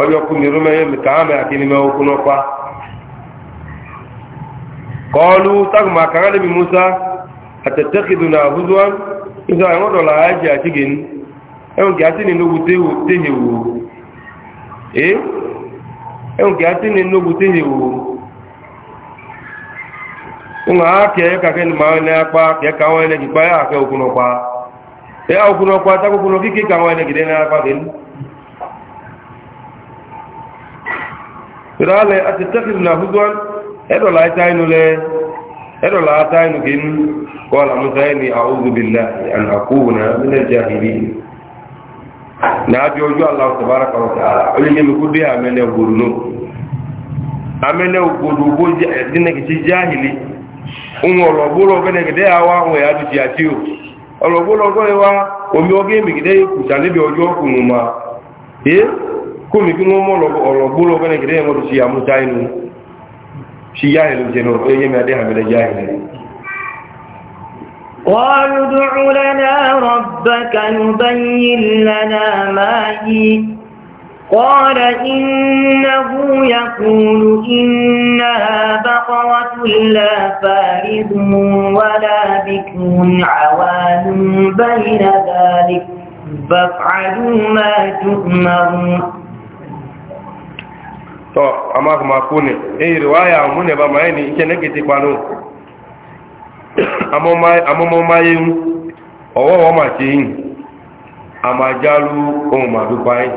ọjọ́ kú ka a mi Ka àti ní mẹ́wọ́ kú lọ́pá musa atatakiduna huzwan isa àwọn dola aji àti gini ehun ki ati ni nugu nwoke eh ehun ki ati kake ya e okuno pa ta okuno ka kawe ne gide na apa na àti edola a fúgbọ́n ẹ̀dọ̀lá àtàínú lẹ́ ẹ̀dọ̀lá àtàínú kì ń kọ́lá musa ẹni àwọ́gbìlá àkóhùnà nílẹ̀ na nàájọ́ ojú aláwọ̀ ụmụ ọrụ olóyè mi kú dé àmẹ́lẹ̀ ògbòdò náà àmẹ́lẹ̀ ògbòdò bó dínàkìtì jàhìrì ń ọ̀rọ̀gbólọ̀ gẹ́gẹ́dẹ́ àwa àwọn ẹ̀yà tó ti àti ò ọ̀rọ̀gbólọ̀ gọ́ kómi kí wọ́n mọ́ ọ̀rọ̀ gbóló fẹ́nà kìdẹ́ ẹ̀mọ́ tó ṣe àmúta inú ṣe yá ìlú jẹ náà ẹyẹ mi adé àmì lẹ́jà ìlú قالوا ادع لنا ربك يبين لنا ما هي قال إنه يقول إنها بقرة لا فارض ولا بكر عوان بين ذلك فافعلوا ما تؤمرون tɔ an b'a fɔ ma ko ne e yiri wa y'a b'a ma e ni cɛ ne kete kpa n'o a ma ma ma ye n ɔwɔ wɔ ma se yen a ma jaalu o ma du pa ye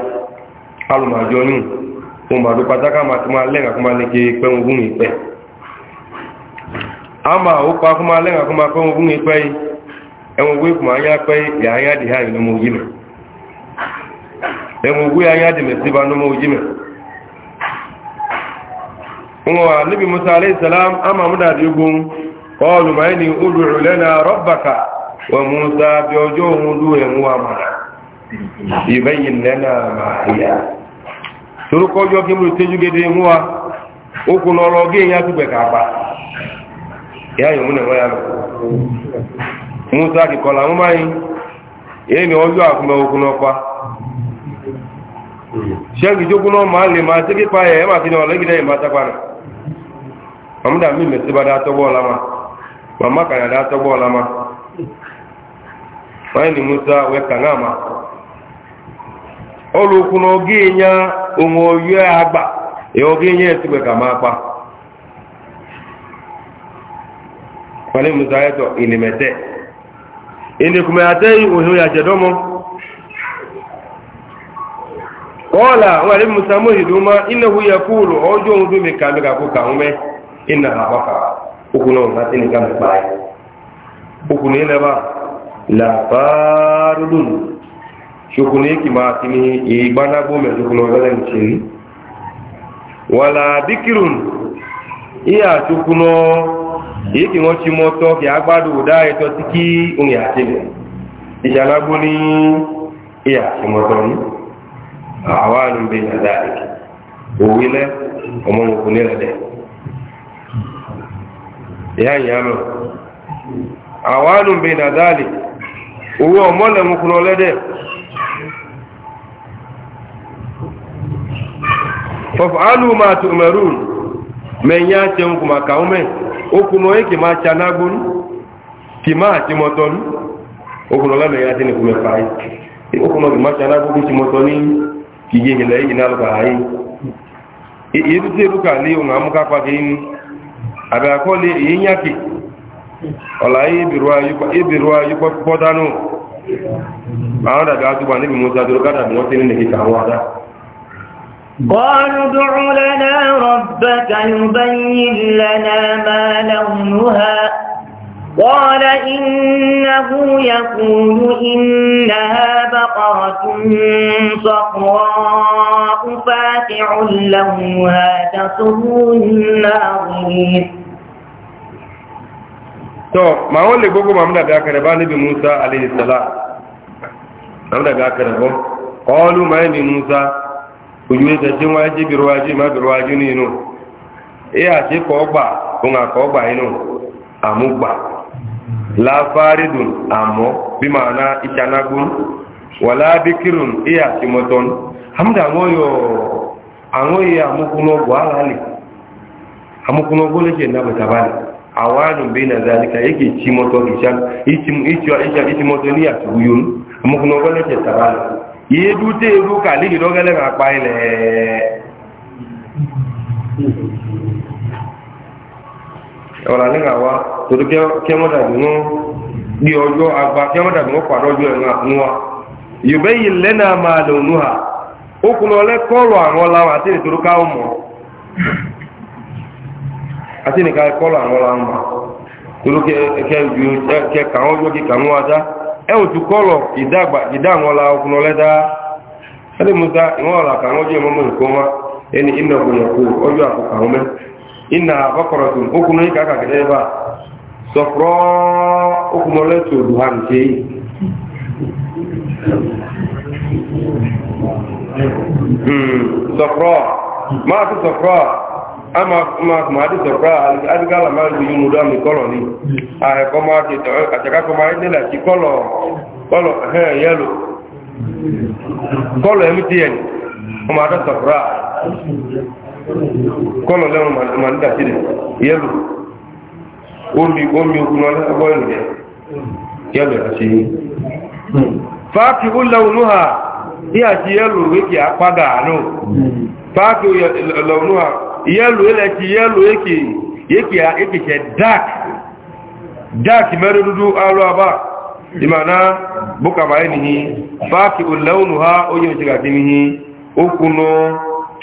alu ma jɔ n'u o ma du pata k'a ma kuma lɛ ka kuma lɛ ke kpɛŋ kun yi pɛ an ma o pa kuma lɛ ka kuma kpɛŋ kun yi pɛ ye ɛŋ we kuma y'a pɛ ye yan y'a di ha yi n'o ma o ji mɛ ɛŋ we an y'a dɛmɛ n'o ma o ji wa nabi musa alayhi salam ama muda digun qalu ma yani ud'u lana rabbaka wa musa bi ojohun du en wa ma ibayin lana ma hiya suru ko jo kimu teju gede muwa oku no lo ge ya tugbe ka ya yo mun wa ya musa ki e ni mamda mi mesi ba da togbo ma mama kana da togbo ma wani ni musa we kana ma olukun oge nya ohun oyo agba e oge nya esigbe ka ma pa wani musa eto ilimete ini ohun ina ha maka uku na wata tini kan bai uku na ba labarun ki ma tini igbana gome shuku na wata tini wala dikirun iya shuku na èyí moto wọ́n agbado mọ́ eto kí agbádò dá ẹ̀tọ́ tí kí ni iya ilẹ̀ ìṣàlágbó ní ìyà àti ya ní àwọn àrùn ọmọ ya nyama awanu baina dhalik uwo mole mukunolede fafalu ma tu'marun men ya ce ku makaume okuno yake ma chanagun kima ti moton okuno la me ya tini kume fai okuno ma chanagun ti motoni kije ile ina lo kai iru te àbẹ̀ àkọọ́lẹ̀ èyí yákì ọ̀là ìbìrúwà ibi púpọ̀ dánú àwọn dàbí àtúbà níbi mú sàdúró kádàbí wọ́n tí nílẹ̀ ìkà àwọn àdá قالوا ادع لنا ربك يبين لنا ما ha. قال إنه يقول إنها بقرة صفراء فاتع لونها تسر الناظرين to ma wanda gogo ma muna da karaba nabi Musa alaihi salam muna da karaba qalu ma nabi Musa kujuwe ta jin waji birwaji ma birwaji ni no e a ce ko gba ko ko gba la faridun amo bi mana ichanagun wala bikirun iya timoton hamda ngoyo angoye amukuno gwalali amukuno gole je na batabali awanu bina zalika yake timoto ichan ichim ichwa icha itimoto ni atuyun amukuno gole je tabali yedute ruka ligi dogale ngapa ile ọ̀la ní àwa torí kẹ́mọ́dàbí wọn bí ọjọ́ àgbà kẹ́mọ́dàbí wọn pàdé ọjọ́ ẹ̀wọ̀n wa yorùbá yìí lẹ́nà máa lò nù hà ó kún lọ lẹ́kọ́ọ̀lù àwọn ọláwọ̀ àti nítorí káwọn mọ̀ àti nìka kọ́ọ̀lù àwọn mọ̀ torí kí ò tún kọ́ọ̀lù ìdá àwọn ina bakɔrɔtun o kunu yi ka ka gɛrɛ ba sɔkɔrɔ o kunu lɛ tso du ha nse yi sɔkɔrɔ maa ti sɔkɔrɔ ama ma ma ti sɔkɔrɔ adiga la ma lu yi mu do ami kɔlɔ ni a yɛ kɔma ti tɔ ataka kɔma yɛ ne la ti kɔlɔ kɔlɔ hɛn yɛlo kɔlɔ kọlọ lẹ́wọ̀n ma ń dàkiri yẹ́lù omi omi okun ọlẹ́ ọgbọ́ ìlú yẹ yẹ́lù àti yìí fáàkì ó lẹ́wọ̀n ha ní àti yẹ́lù wékì apága àánú fáàkì lẹ́wọ̀n ha yẹ́lù ẹlẹ́kì yẹ́lù ẹkì yẹ́kì mere dark dark mẹ́rin dúdú alú abá ìmàna bókàmáyé nìyí fáàkì ó lẹ́wọ̀n ha ó yẹ́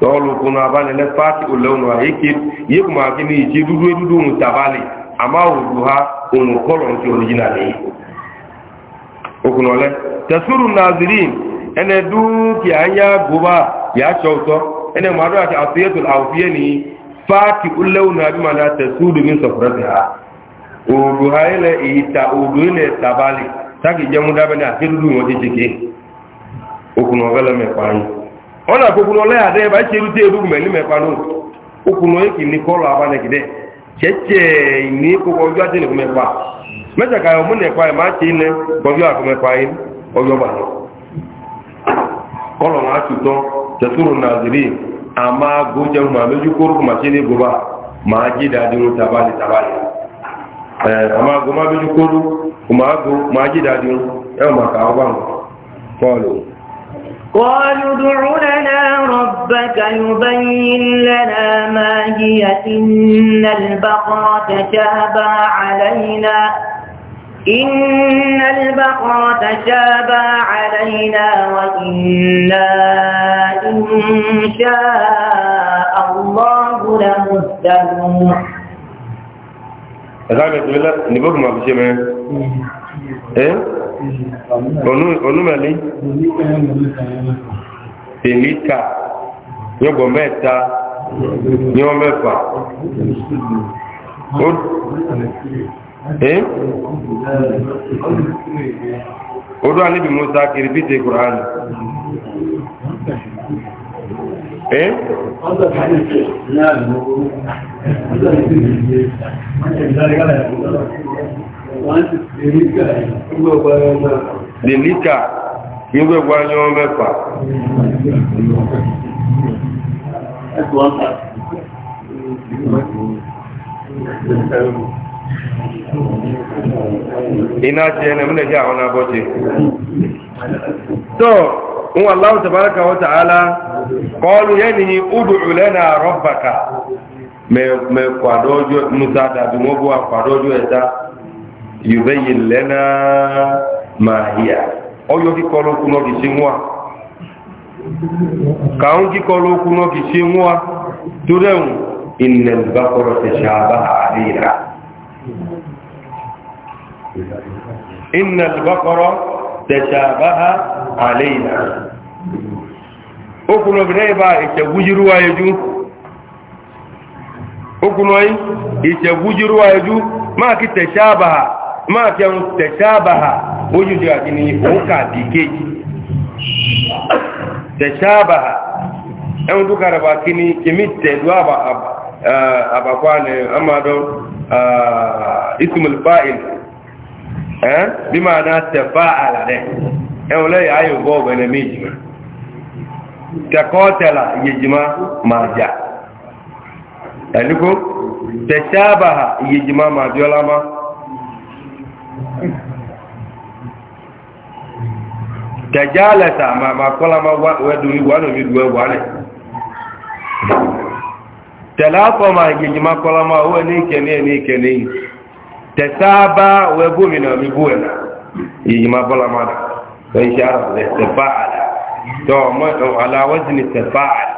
tọ́ọ̀lù na na pàtí olóòrùn àyíkí yìí kò máa kí ní ìjì dúdú dúdú ohun tàbálì àmá òòrùn ha ohun nke tí oríjìnà lè okùnọ̀lẹ́ tẹ̀sùrù nazirin ẹnẹ dúkì ányá gbogbo yà ṣọ ọ̀tọ́ ẹnẹ mọ̀ádó àti àfiyẹ́tò àwòfiyẹ́ ní pàtí olóòrùn abímọ̀dá tẹ̀sùrù ní sọ̀fúrẹ́sẹ̀ ha òòrùn ha ilẹ̀ ìta òòrùn ilẹ̀ tàbálì ọ na-akpụkwụn ọla ya ada ebe anyị cherute ebugwu meli mekpanụ ụkwụnụ eki ni kọlụ abanegide cheche ni kụkọ ọjọ adị n'ekwu mekpa mecha ka mụ na-ekpa ya ma achị ile ọjọ akụ mekpa anyị ọjọ gbara kọlọ na achụtọ na ziri ama ma chi ma da tabali tabali ama agụ ji da maka قالوا ادع لنا ربك يبين لنا ما هي إن البقرة تشابه علينا إن البقرة تشابه علينا وإنا إن شاء الله لمهتدون. هذا يقول لك نبغى ما بشيء eh onumeli elika yọgbọ mẹta yọ mẹfa eh odo anibi musa kiri bite te kurani eh na ìgbẹ̀gbà yọ na iná ti ẹnẹ̀ múlẹ̀ jẹ́ na abọ́jẹ́ tó wọn aláwọ̀ tàbárakà wọ́n tààlá kọlu yẹni udu ulẹ́nà rọ́bàkà mẹ́kwàdọ́jọ́ musa dàbí wọ́n bú àkwàdọ́jọ́ ẹ̀ta yubayin lena mahia, hiya ọyọ kíkọ lókun náà kì í ṣe ń kàún kíkọ lókun náà kì í ṣe ń tó dẹ̀hùn ìnà ìbákọrọ ti ṣàbá àríra ìnà ìbákọrọ ṣàbá náà máa kí máa fi ẹun tẹ̀ṣáàbàá ojújú àti ní òǹkà bí kéjì tẹ̀ṣáàbàá ẹun tó kàràbà kí ní kìmí tẹ̀lú àbàkwà ní amádọ́ ismulfa'il bí máa náà tẹ̀fà àlàrẹ̀ ẹun lẹ́yìn ayò bọ́ọ̀bẹ̀ ní méjìmá tẹ̀kọ́tẹ̀lá yejìmá máa jà máa tajalasa ma ma kola ma wedu ni wano mi duwe wane talako ma gigi ma kola ma we ni kene ni te saba we bu mi na mi buena gigi ma kola ma da sai shara da tafa'ala to ma ala wazni tafa'ala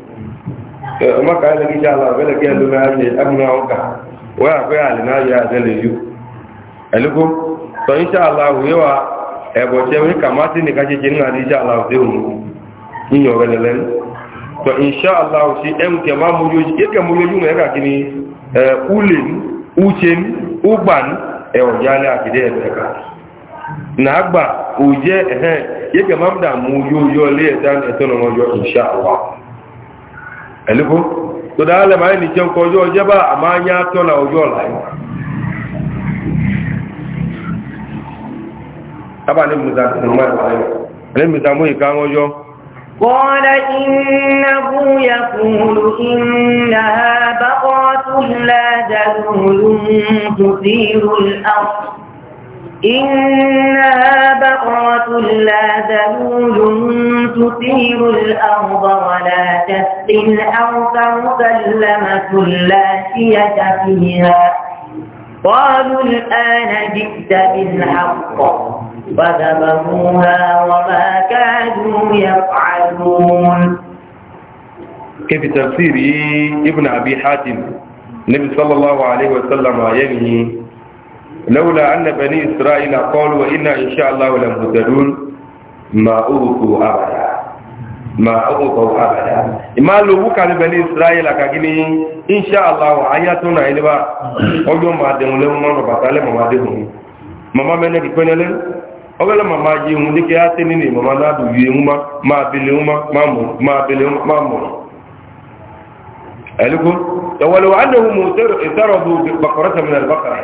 ala, ọmọ kan lè kíjà ala abẹ́lẹ̀ kí ẹlú náà yẹ ẹmúná ọkà wọ́n àpẹ́ àlè náà ala ala lè yú ẹlúkú sọ ìṣà aláwọ̀ yíwa ẹ̀bọ̀ ala wí kàmátì ní kájẹjẹ ní àdí ìṣà aláwọ̀ dé òun yíyan rẹ̀ lẹ́lẹ́ sọ ìṣà aláwọ̀ sí ẹ̀mù kẹmà mójójú kéèkẹ́ mójójú rẹ̀ kà kíni ulin uchen ugban ẹ̀wọ̀ jálẹ̀ àkìdé ẹ̀ẹ̀ka nàgbà òjẹ́ ẹ̀hẹ́ ala má ẹ̀lúgbó tó dáa lẹ́mà ẹni jẹun kọ ọjọ́ ọjẹ́ bá àmá yá tọ́nà ọjọ́ ọ̀la yìí sábà ní mùsà mùmá ní mùsà mú ìka wọn yọ. قال إنه يقول إنها بقرة لا ذلول تثير الأرض إنها بقرة لا ذلول تثير الأرض ولا تسقي الأرض مسلمة لا شية فيها قالوا الآن جئت بالحق فذبحوها وما كانوا يفعلون كيف تفسير ابن أبي حاتم النبي صلى الله عليه وسلم ينهي لولا أن بني إسرائيل قالوا وإنا إن شاء الله لمهتدون ما أغطوا أبدا ما أغطوا أبدا ما لو كان بني إسرائيل كأني إن شاء الله آياتنا إلى با أيوم ما دهم لهم ما بطل ما دهم ماما من يكون لهم ọgbẹ́lẹ̀ màmá yìí hun ní kí á tẹ́ nínú ìmọ̀má ládùú yìí hun máa bèèrè hun máa bèèrè hun máa mọ̀ ẹ̀lúkú ẹ̀wọ̀lẹ̀wọ̀ adéhùn mọ̀ ìtẹ́rọ̀ bó bàkọ̀rọ̀tẹ̀mìnà ìbákàrẹ̀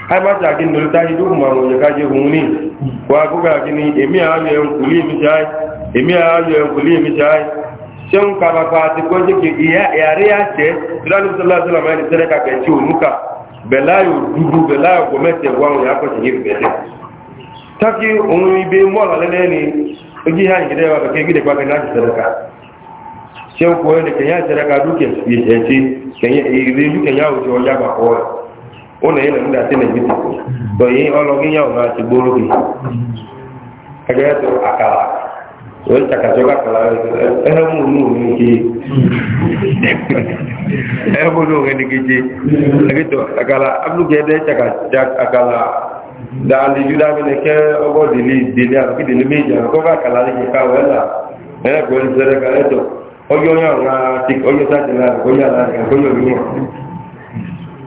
agbata gị nleta ihe ụmụ nwunye ka ji hụ nri kwa agụga gị ni emi ayọ nkwuli emecha anyị emi ayọ nkwuli emecha anyị sẹ́wọ́n kaba kọ́ àti kọ́ ke kí ìyàrí àṣẹ ìlànìsọ́lọ́sọ́lọ́ máa ní sẹ́rẹ́ kàkẹ́ tí òun kà bẹ̀láyò dúdú bẹ̀láyò gọ́mẹ́tẹ̀ wà òun yà kọ́sì yìí bẹ̀tẹ̀. tákì òun ibi mọ́ọ̀lá lẹ́lẹ́ ni ojú ìhà ìgbẹ́dẹ́ wà kẹ́kẹ́ gídẹ̀ pàkẹ́ láti sẹ́rẹ́ ká ó nà yín lọ nígbà tí nàìjíríà ti kù tọ yín ọlọgí yà ọ̀nà àti gbórógbè ẹgbẹ́ tó àkàlà ó ń takàtọ́ kàkàlà ẹ̀rọ mú òun òun kéje ẹ̀rọ mú òun òun kéje ẹgbẹ́ tó àkàlà abúlùkẹ́ ẹ̀dẹ́ takàtọ́ àkàlà dàlejò dábìlẹ̀ kẹ́ ọgbọ́ délé délé àbúkí délé méjì àkọ́kọ́ àkàlà lè kíkà wẹ́là ẹ̀rọ gbọ́n ọjọ́ yà ọ̀nà àti ọjọ́ sátìlá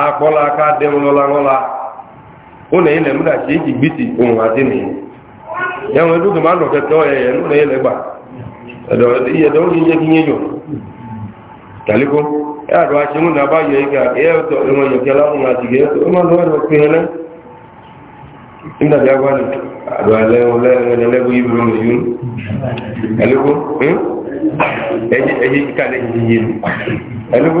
akpọla aka dị ṅụla ṅụla ụna ele m na chi iji gbiti ụmụ adị na ya nwere ma nọ kete ọya ya n'ụlọ ele gba iye dọ oge ihe nye kaliko ya mụ na ike a ihe ụtọ enwe nyekela ụmụ adị ga ụmụ ọdụ ọkụ ni ale ole yun kaliko kaliko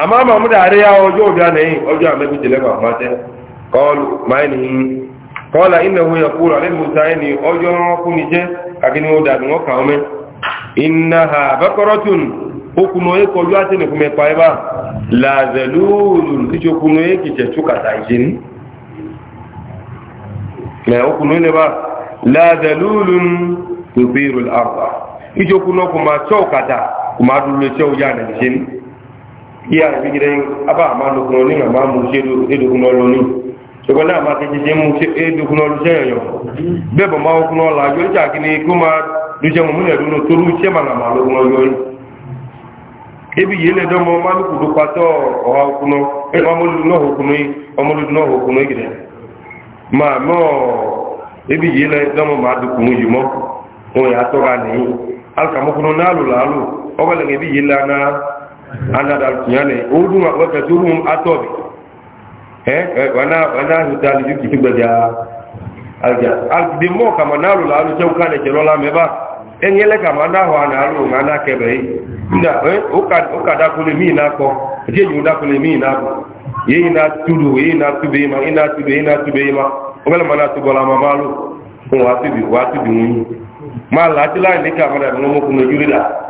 àmọ́ àmọ́ àmúdà àríyá ọjọ́ òbí ànẹ́yìn ọjọ́ àmẹ́bí jẹlẹ́gbà àmátẹ́ kọ́ọ̀lá ìnáwó yẹ̀kúrò alẹ́mùsá ẹni ọjọ́ ọkùn ní jẹ́ kàkí ni ó dàbí wọ́n kà ọmẹ́ iná ha bẹ́kọ́rọ́tún okùnà ẹkọjú àti nìkúnmẹ́ pàẹ́bà làzẹ̀lúùlù tí ó kùnà ẹkìjẹ̀ túkàtà ìjìn làzẹ̀lúùlù tó yíya ìgbìgìdẹ abá àmàlùkùnrin ní àmà mú sí ẹdùkùn ọlọ́ni ṣùgbọ́n náà máa ti jíjẹ mú sí ẹdùkùn ọlọ́sẹ́ ẹ̀yọ̀ bẹ́ẹ̀bọ̀ máa ọkùnrin ọlá yóò jà kí ni kó máa lóṣẹ́ mú múlẹ̀ lónà tó lóṣẹ́ màá àmàlùkùn ọyọ́ yìí ebi yìí lè dánmọ́ málùkù ló patọ́ ọ̀há ọkùnrin náà mọ́ ebi yìí lè anada alkiyane urdu wa tazurum atobi eh wana wana hudali yuki tubaja alja aldimo kama nalu la kale enyele kama na ho ana alu ngana kebe nda eh da mi na ko je da mi na ko yi na tudu yi na tube ma ina tube ina tube ma ngala mana tubola mamalu ko watu bi watu bi ma la tila ni kama na ngomo kuno jurida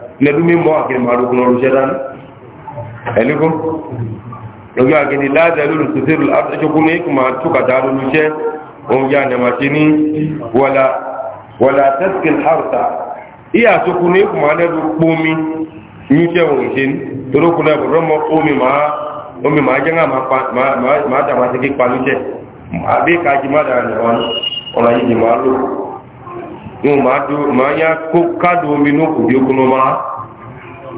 nẹ́dúnmí mọ́ àkìrìmọ̀lùkùn olùṣẹ́dá ẹ̀lẹ́gùn lọ́gbẹ́ àkìrì láàzẹ̀lú tòṣèlú àtẹ́ṣokún ní ìkùnmà tókàtà olùṣẹ́ ohun yà nẹ̀màṣẹ́ ní wọ́lá tẹ́sìkìl hausa iya tókùn ní ìkùnmà nẹ́dù pómi níṣẹ́ ohun ìṣẹ́ torókùn náà rọ́mọ omi máa jẹ́ máa dàmásí kípa níṣẹ́ àbí kájí má dàrá nìwọ̀n ọ̀nà yìí máa lò yóò máa yá kó kádùn omi ní òkùnrin okùn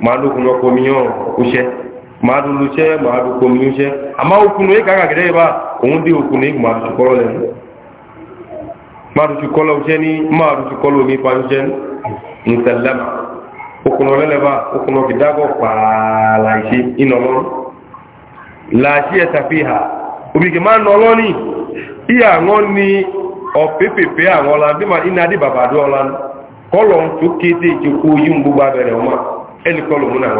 maadụ dukun wa komiyo ushe maadụ du luche ma komiyo ushe ama ukunu e kaga gere ba on di ukunu e ma du le ushe ni ma du mi pa ushe musallama ukunu le ba ukunu kidago pa la ishi inolo la ubike ma iya o pepepe ma kolon ẹni kọlù mú náà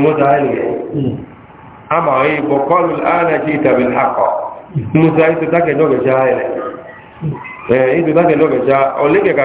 mọ́ta ayé hmm. a máa yí ha kọlù ánàjí ìtàbí àkọ́ mọ́ta ìtò dákẹ̀dọ́gẹ̀ṣá ẹ̀ ìtò dákẹ̀dọ́gẹ̀ṣá ọ̀lẹ́gẹ̀kà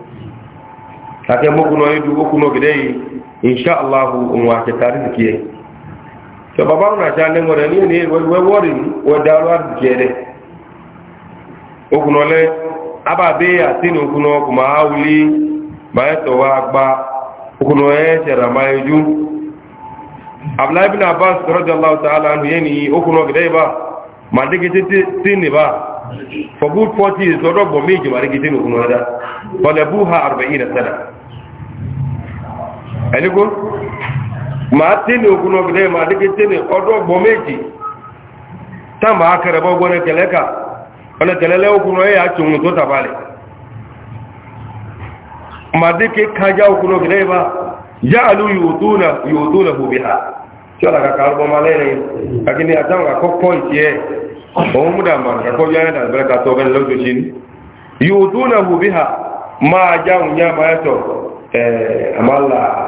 ake mokuno yidu okuno gidei insha Allah unwa ke tarihi ke to baba una ja ne ngore ni ni we wori we dalwa jere okuno le aba be atini kuma ma to wa agba okuno e jera ma ibn Abbas radiyallahu ta'ala yeni ba ma digiti ba for good 40 years meji ma da fa 40 sana ẹnigbó máa tẹ́lẹ̀ ogun ọgbẹ̀dẹ́ máa dékẹ́ tẹ́lẹ̀ ọdún ọgbọ̀n méjì táàmà akẹrẹbọ́ gbọ́nà kẹlẹ́kà ọ̀nà kẹlẹ́lẹ́ ogun ọ̀yẹ́ àtòhun tó tàbálẹ̀ máa dékẹ́ kájá ogun ọgbẹ̀dẹ́ bá yá àlú yòótónà bòbí ha tí ọ̀là kàkà ọgbọ̀n máa lẹ́rin kàkíní àtàwọn àkọ́kọ́ ìtiẹ́ òun múdà máa kàkọ́ yára dàbẹ̀rẹ̀ kàtọ́ ọgbẹ̀ni lọ́jọ́sí yòótónà bòbí ha máa jáhùn yá máa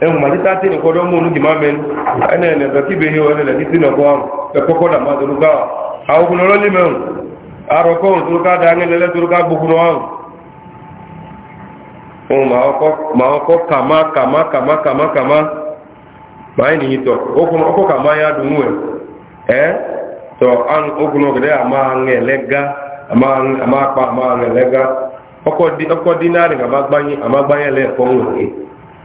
ẹ̀hùn màá títà tí nìkan ọdún mọ́nú jìmá mẹ́nu ẹni ẹ̀nà ẹ̀bẹ̀ kí bèèrè ọ̀nà ẹ̀lẹ̀ títí nàkọ́ àrùn ẹ̀kọ́kọ́ nà máa tọ́lú káwà àwọn ọkùnrin ọlọ́lẹ̀ ọkọ̀ dínárì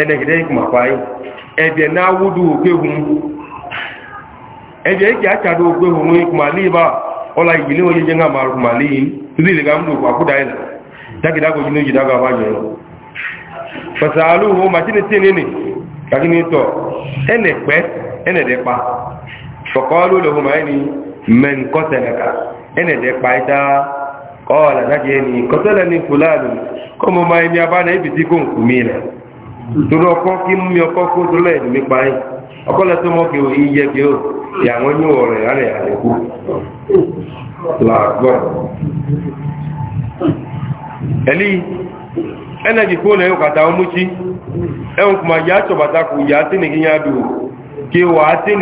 ẹ̀dẹ̀gẹ̀dẹ̀ ikùn àpáyé ẹ̀dẹ̀ náà wúdú ògbéhun ẹ̀dẹ̀ ikì àtàdó ògbéhun ikùn àlíbà ọlá ìgbìlẹ̀ oyé jẹ́ ńgá màrùn màlíyìn títí ìlẹ̀gá ń lòpọ̀ àkúdà ilẹ̀ dákìdágò jínú yìí dágà bá jọ pẹ̀sàálù ohun màtíni pa ṣọ̀kọ́ kọ́ọ̀lá láti ẹni kọ́tọ́lẹ̀ ní fúlàní kọ́ mọ́ máa ní abáná ibi tí kò ń kù mí rẹ̀ ọkọ́ kí ń mi ọkọ́ kó tó lẹ́ẹ̀dù mi pa yín ọkọ́lẹ̀ tó mọ́ kí o yíyẹ kí o yà wọ́n ní rẹ̀ ẹ̀lí fóònù ẹ̀yọ́ kàtà ọmú ẹ̀hùn kùmà yà tó bàtà kù yà tí kí wà á tí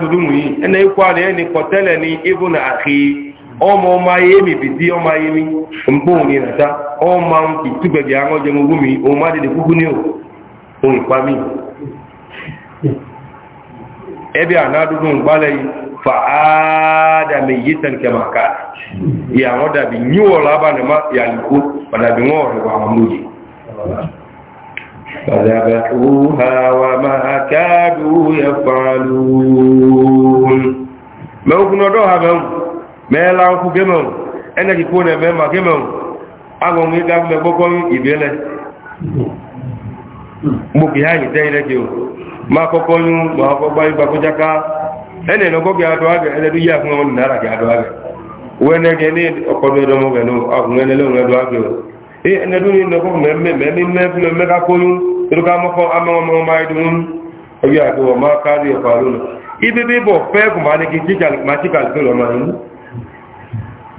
tó dùn yìí ẹnẹ́ ikú àrẹ ẹni kọ̀tẹ́lẹ̀ ọmọ ọmọ ayé mi bìtí ọmọ ayé mi mbóhùn ní ìrẹ̀ta ọmọ àwọn kì túgbẹ̀bẹ̀ àwọn mi ohun má kúkú ní ohun ìpa mi ẹbí gbálẹ̀ fa áádàmì yìí àwọn dàbí pàdàbí wà mẹ́ẹ̀lá ń kú gẹ́mẹ̀un ẹnẹ́kì kó nẹ̀ mẹ́ẹ̀mà gẹ́mẹ̀un agbọ̀n ìdá mẹ́gbọ́gbọ́ ìbílẹ̀ mo kì á yìí tẹ́yìn lẹ́kẹ̀ẹ́ máa kọ́kọ́ yún máa kọ́gbá yún gbàkójáká ẹnẹ̀ ìnàkọ́kẹ́ adọ́agẹ̀ ẹlẹ́dú yà fún ọmọ nàrà kí adọ́agẹ̀ wẹ́nẹ́gẹ́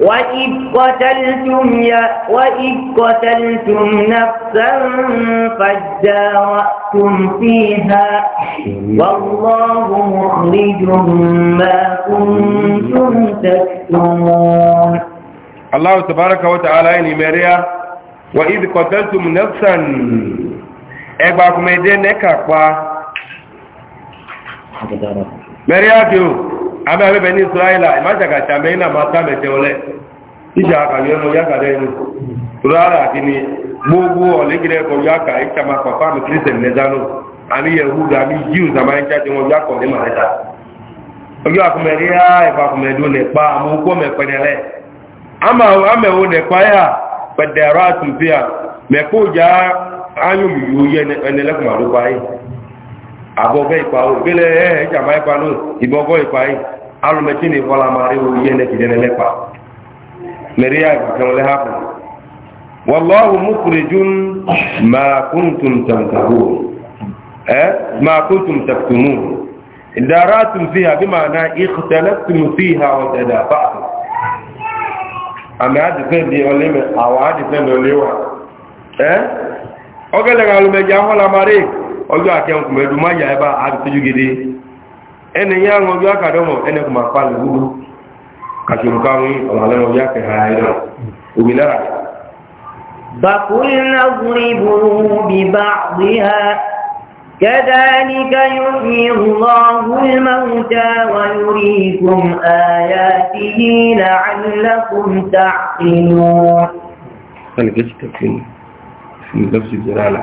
وإذ قتلتم, يا وإذ قتلتم نفسا فادارأتم فيها والله مخرج ما كنتم تكتمون الله تبارك وتعالى نمريا وإذ قتلتم نفسا أباكم يدين نكاكوا مريا كيو àmì àbẹ́bẹ̀ ní israẹ́lá ìmájàgàtà mẹ́rin àmà sáàmẹ̀tẹ̀ ọlẹ́ ìṣà àkàrí ọ̀nà yàgàdẹ́ inú rárá àti ni gbogbo ọ̀lẹ́gẹ̀rẹ́ ẹ̀kọ́ yàkà ìṣàmà pàpá àmì kírísẹ̀n nẹ́dánù àmì yẹ̀húdà àmì jíùs àmà ń jáde wọn yàkọ̀ ní màlẹ́ta ọjọ́ àkùnmẹ̀rí á ẹ̀fà àkùnmẹ̀dún nẹ̀pa àmọ́ okú ọmọ ẹ̀pẹ̀nẹ̀lẹ̀ àmẹ̀wò nẹ̀pa yà pẹ̀dẹ̀ abọ́bọ́ ìpa o gbélé ẹ̀ jàmbá ìpa ló ìbọ́bọ́ ìpa yìí alùmẹ̀tí ni bọ́lá máa rí oyé ẹnẹ́kìdẹ́ ẹnẹ́lẹ́pa mẹ́rí àgbẹ̀kẹ́ lẹ́hà fún wọ́lọ́hùn múkùrẹ́jún máa kúntùm tàǹtàbù ẹ́ máa tùm sí àbí máa ná tùm sí ìhà ọ̀tẹ̀dà bá àmì àdìfẹ́ di àwọn àdìfẹ́ ọlẹ́wà ọgẹ́lẹ̀ ọjọ́ àkẹun kùmẹ̀ ẹ̀dùn máa yà ẹbá àdìsójú gidi ẹni yá ń ọjọ́ àkàdọ́mọ̀ ẹni kùmà pàlẹ̀ wúrú kàṣùrùkáwín ọ̀rọ̀ alẹ́ ọjọ́ òmìnira فقلنا اضربوا ببعضها كذلك يحيي الله الموتى ويريكم آياته لعلكم تعقلون هل في لفظ الجلالة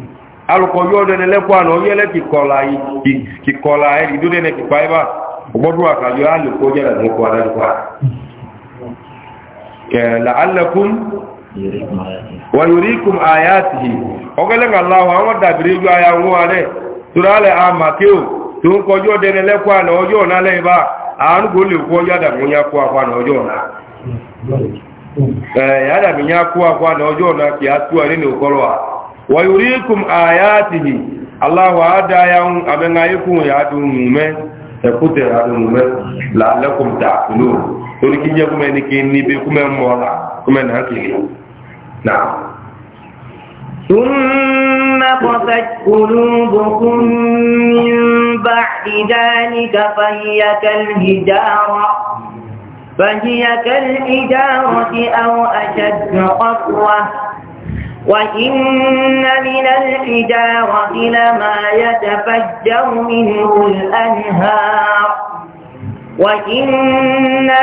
alùkọ̀ yóò dẹni lẹ́kọ́ àná yẹ́ lẹ́ kìkọ̀lá ẹ̀rì tó dẹni kìpa ẹbá ọgbọ́dún àkàyọ alùkọ̀ jẹ́rẹ̀ lẹ́kọ́ adájúkọ́ kẹ̀lá alẹ́kún wàyòríkùn àyàtì ọgọ́lẹ́gbàláwọ̀ àwọn dàbírí ju aya wọn alẹ́ turalẹ̀ àmàkéò tó ń kọjọ́ dẹni lẹ́kọ́ àná ọjọ́ ọ̀nà lẹ́yìnbá àánú kò lè kọ́ yádàmúnyá kó akọ àná ọjọ́ ọ̀nà yádàmúnyá wayurikum ayatihi allahu adayahum abengayikun yadumume ekute yadumume la'allakum ta'qilun tori kinje kuma ni kinni be kuma mola kuma na kili na ثم قفت قلوبكم من بعد ذلك فهي كالهجارة فهي كالهجارة أو أشد قسوة وإن من الحجارة لما يتفجر منه الأنهار وإن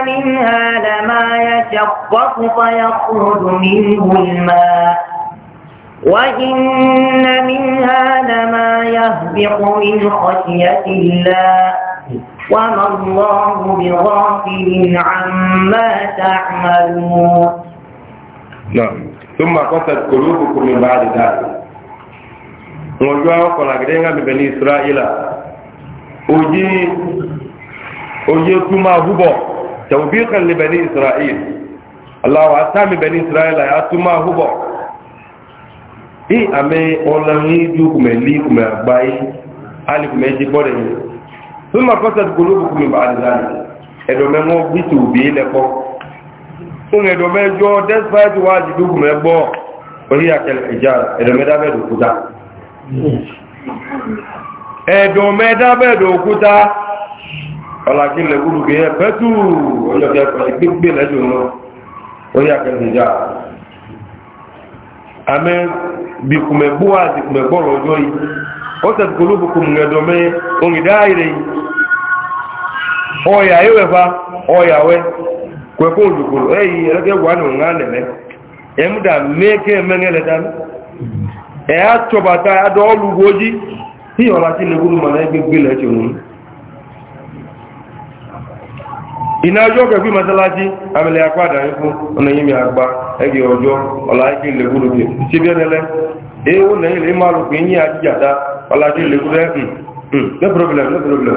منها لما يشقق فيخرج منه الماء وإن منها لما يهبط من خشية الله وما الله بغافل عما تعملون نعم ثم قست قلوبكم من بعد ذلك ŋɔdzɔawo kɔlagidenga bebe ni israela oji oji tuma hubɔ tawbiqan li bani israel allahu atami bani israela ya tuma hubɔ i ame ɔlɛnwi du kume li kume agbayi ali kume edzi bɔ de yi tuma kɔsɛt bitu bi lɛ kɔ. tóun ẹ̀dọ̀ mẹ́jọ despite wá jìdúkù mẹ́gbọ́ orí àkẹlẹ̀ ìjà ẹ̀dọ̀ òkúta ẹ̀dọ̀ òkúta ọ̀làkí lẹ́gbùrù bí ẹ pẹ́tù náà ọjọ́ ọ̀yà kwekwa olukoro eyi eleke gwa na onwe aneme emda mee ka emengele dan ee chọbata ada ugwu ojii ihe ọla mana egbe gbele chonwu iná ọjọ́ kẹfí masalasi amẹ́lẹ̀ apáda ikú ọ̀nà yìí mi àgbà ẹgbẹ̀ ọjọ́ ọ̀láìkí ewu no problem no problem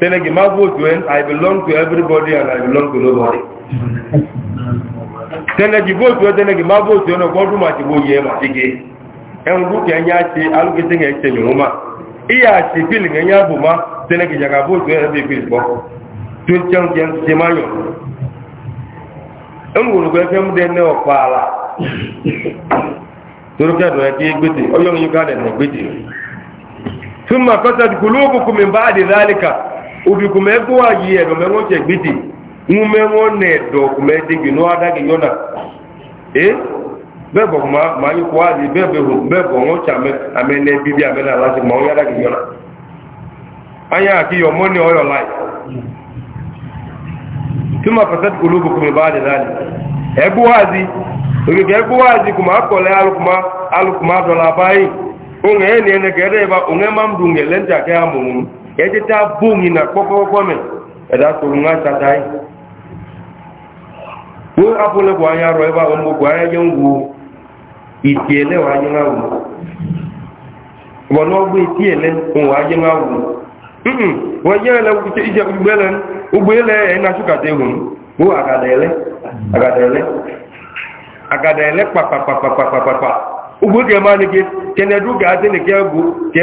tẹ́lẹ̀ ma máa vote when i belong to everybody and i belong to nobody tẹ́lẹ̀ vote when tẹ́lẹ̀ kì vote when ọgbọ́n yẹ ti gé ẹ̀hùn dúkìá ń yá ṣe ya ń ṣe mìíràn mà ìyá àti fíìlì ń bò má tẹ́lẹ̀ kì vote when tó ń ṣe máa olùkọ́ ẹ̀fẹ́ mú ọ̀pá ara ẹ̀kí ọyọ́ udukume gwa yi edo me ngoche gbiti ngume ngone do kume digi no adagi yona eh bebo ma ma yi kwa di bebo bebo ngocha me amene bibi na lati ma o yadagi yona anya aki yo money all your life tuma fasad qulubukum ba'da dhalik ke oge egwazi kuma akole alukuma alukuma do labai unge ne ne gere ba unge mamdunge lenta ke amungu ẹjẹta bóòmì nà pọ́pọ́pọ́ mẹ́ ẹ̀dá tòun ń ṣàtà yìí wọ́n apọ́lẹ́pọ̀ anya rọ ẹbá wọn gbogbo anya yẹn wo ìtì ẹlẹ́ wà yẹn awò wọn náà gbé ìtì ẹlẹ́ wọn wà yẹn awò wọ́n yẹn ẹlẹ́ ìjẹ́ gbogbo ẹlẹ́ gbogbo ẹlẹ́ ẹ̀yìn àgàdà àgàdà àgàdà pàpàpàpàpàpàpà kẹ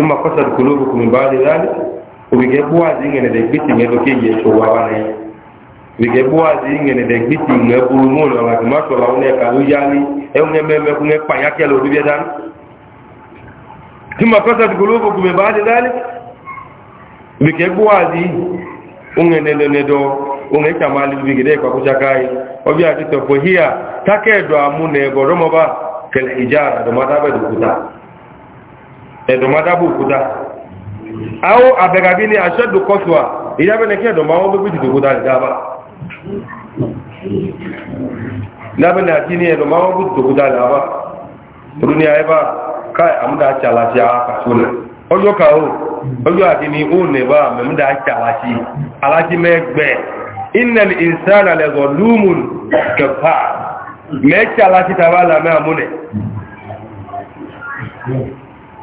ثم قصد قلوبكم من بعد ذلك ويجبوا عزين أن يدبتي يدوكي يشوا وانا ويجبوا عزين أن يدبتي يبرمون وما ما شاء الله هناك ويجالي هم يمكن يكون يكيل وبيدان ثم قصد قلوبكم من بعد ذلك ويجبوا عزين ungenenedo ungecha mali bigide kwa kuchakai obya kitofo hia takedo amune goromo ba kel hijara do madabe dukuta ẹ̀dọ̀mọ́dábò òkúta aó àbẹ̀gàbí ni aṣẹ́dù kọ́sùwà ìyábẹ̀lẹ̀ kí ẹ̀dọ̀mọ́ àwọn gbogbo ìdìdò òkúta lè dábà lábẹ̀lẹ̀ àti ní ẹ̀dọ̀mọ́ àwọn gbogbo ìdìdò òkúta lè dábà torí ní ayébá káì àmúdá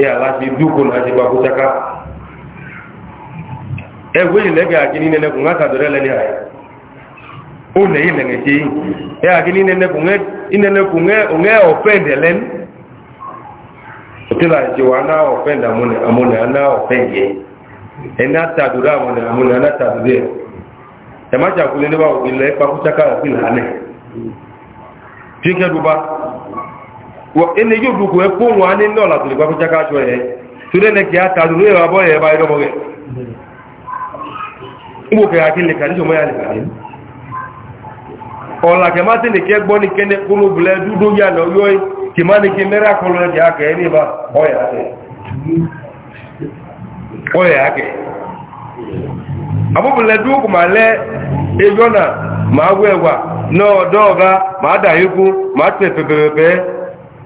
ya láti dúkò náà ti gbàkú ṣaká ẹgbẹ́ ìlẹ́gẹ̀ àkíní nẹ́nẹ́kùn látàdọ̀rẹ́ lẹ́ni ààrẹ ó lẹ́ ìlẹ̀gẹ̀ ṣe ẹ àkíní nẹ́nẹ́kùn ẹ ọ̀fẹ́ẹ̀dẹ̀ lẹ́nu òtílà ìṣèwà náà ọ̀fẹ́ẹ̀dẹ̀ àmúnẹ̀ náà ọ̀fẹ́ẹ̀yẹ ẹni àtàdọ̀rẹ́ àmúnẹ̀ àmúnẹ̀ àtàdọ̀rẹ́ ẹ̀májà kúlẹ̀ níwá òbí lẹ́ ene yóò dùkú ẹ kó wọn ní náà látòlè gbá fún jákàtọ̀ ẹ̀ tóde ní kí á ta dúró ìwà bọ́ ẹ̀ bá ẹ̀rọ mọ́gẹ̀ ìwò kẹ̀kẹ́ àti lè kàdíṣọ́ mọ́ yà lè kàdí ọ̀là kẹ̀má tí lè kẹ́ gbọ́ ní kẹ́ni kúrò bùlẹ̀ dúdú yà lọ yọ ẹ̀ kì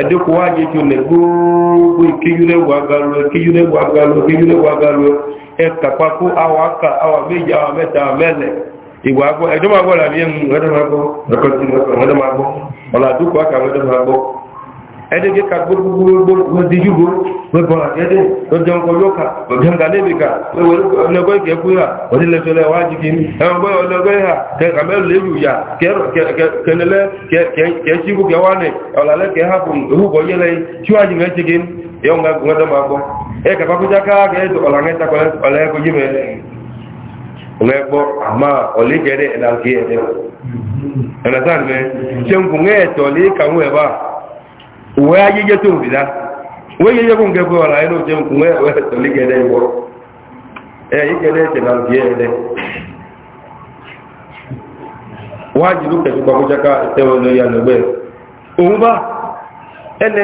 ẹ̀dẹ́kù wá jẹ́ tó lẹ̀ gbogbo ìkéjúlẹ́gbò agalu ìkéjúlẹ́gbò agalu ìkéjúlẹ́gbò agalu ẹ̀kàpá kó awà ká awà méjì awà mẹ́ta mẹ́lẹ̀ ìwà agbọ́ ẹ̀dọ́màgbọ́ làbí ẹ̀mù ẹ̀dọ́màgbọ́ edege ka gbogbogbogbogbo dijugo gbogbo ede oge nkwọ yọka oge nga nebika ọlọgọ ike ekwu ha odilefele wa ha ya kẹlẹlẹ kẹchikwu kẹwani àmà kí sáà ṣe kàwọn Wee ajije tó ń bìdá uwe yẹ yẹkùn kẹfẹ wà láyé ló jẹun kùn ẹwẹ tọlí gẹdẹ ìwọ ẹ yí gẹdẹ ìtẹnà ń fi ẹ dẹ wọ́n á jìlú kẹfẹ pàkójáká ìtẹ́wọ́ ló yà lọ́gbẹ́ òun bá ẹnẹ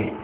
ata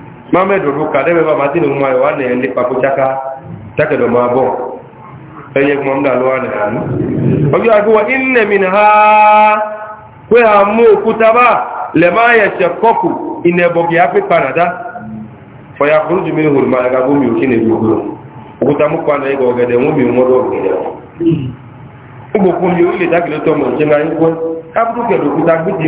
mamedu ruka debe ba ma umayo wane yende papo chaka take do mabo enye minha kwe hamu kutaba lema ya shakoku inebogi api panada fa yakhruju minhu alma ga gumi ukine buguru ukutamu kwana ego gede mumi umodo gede ugo kumi ile takile tomo chenga yuko abudu kedo kutabiti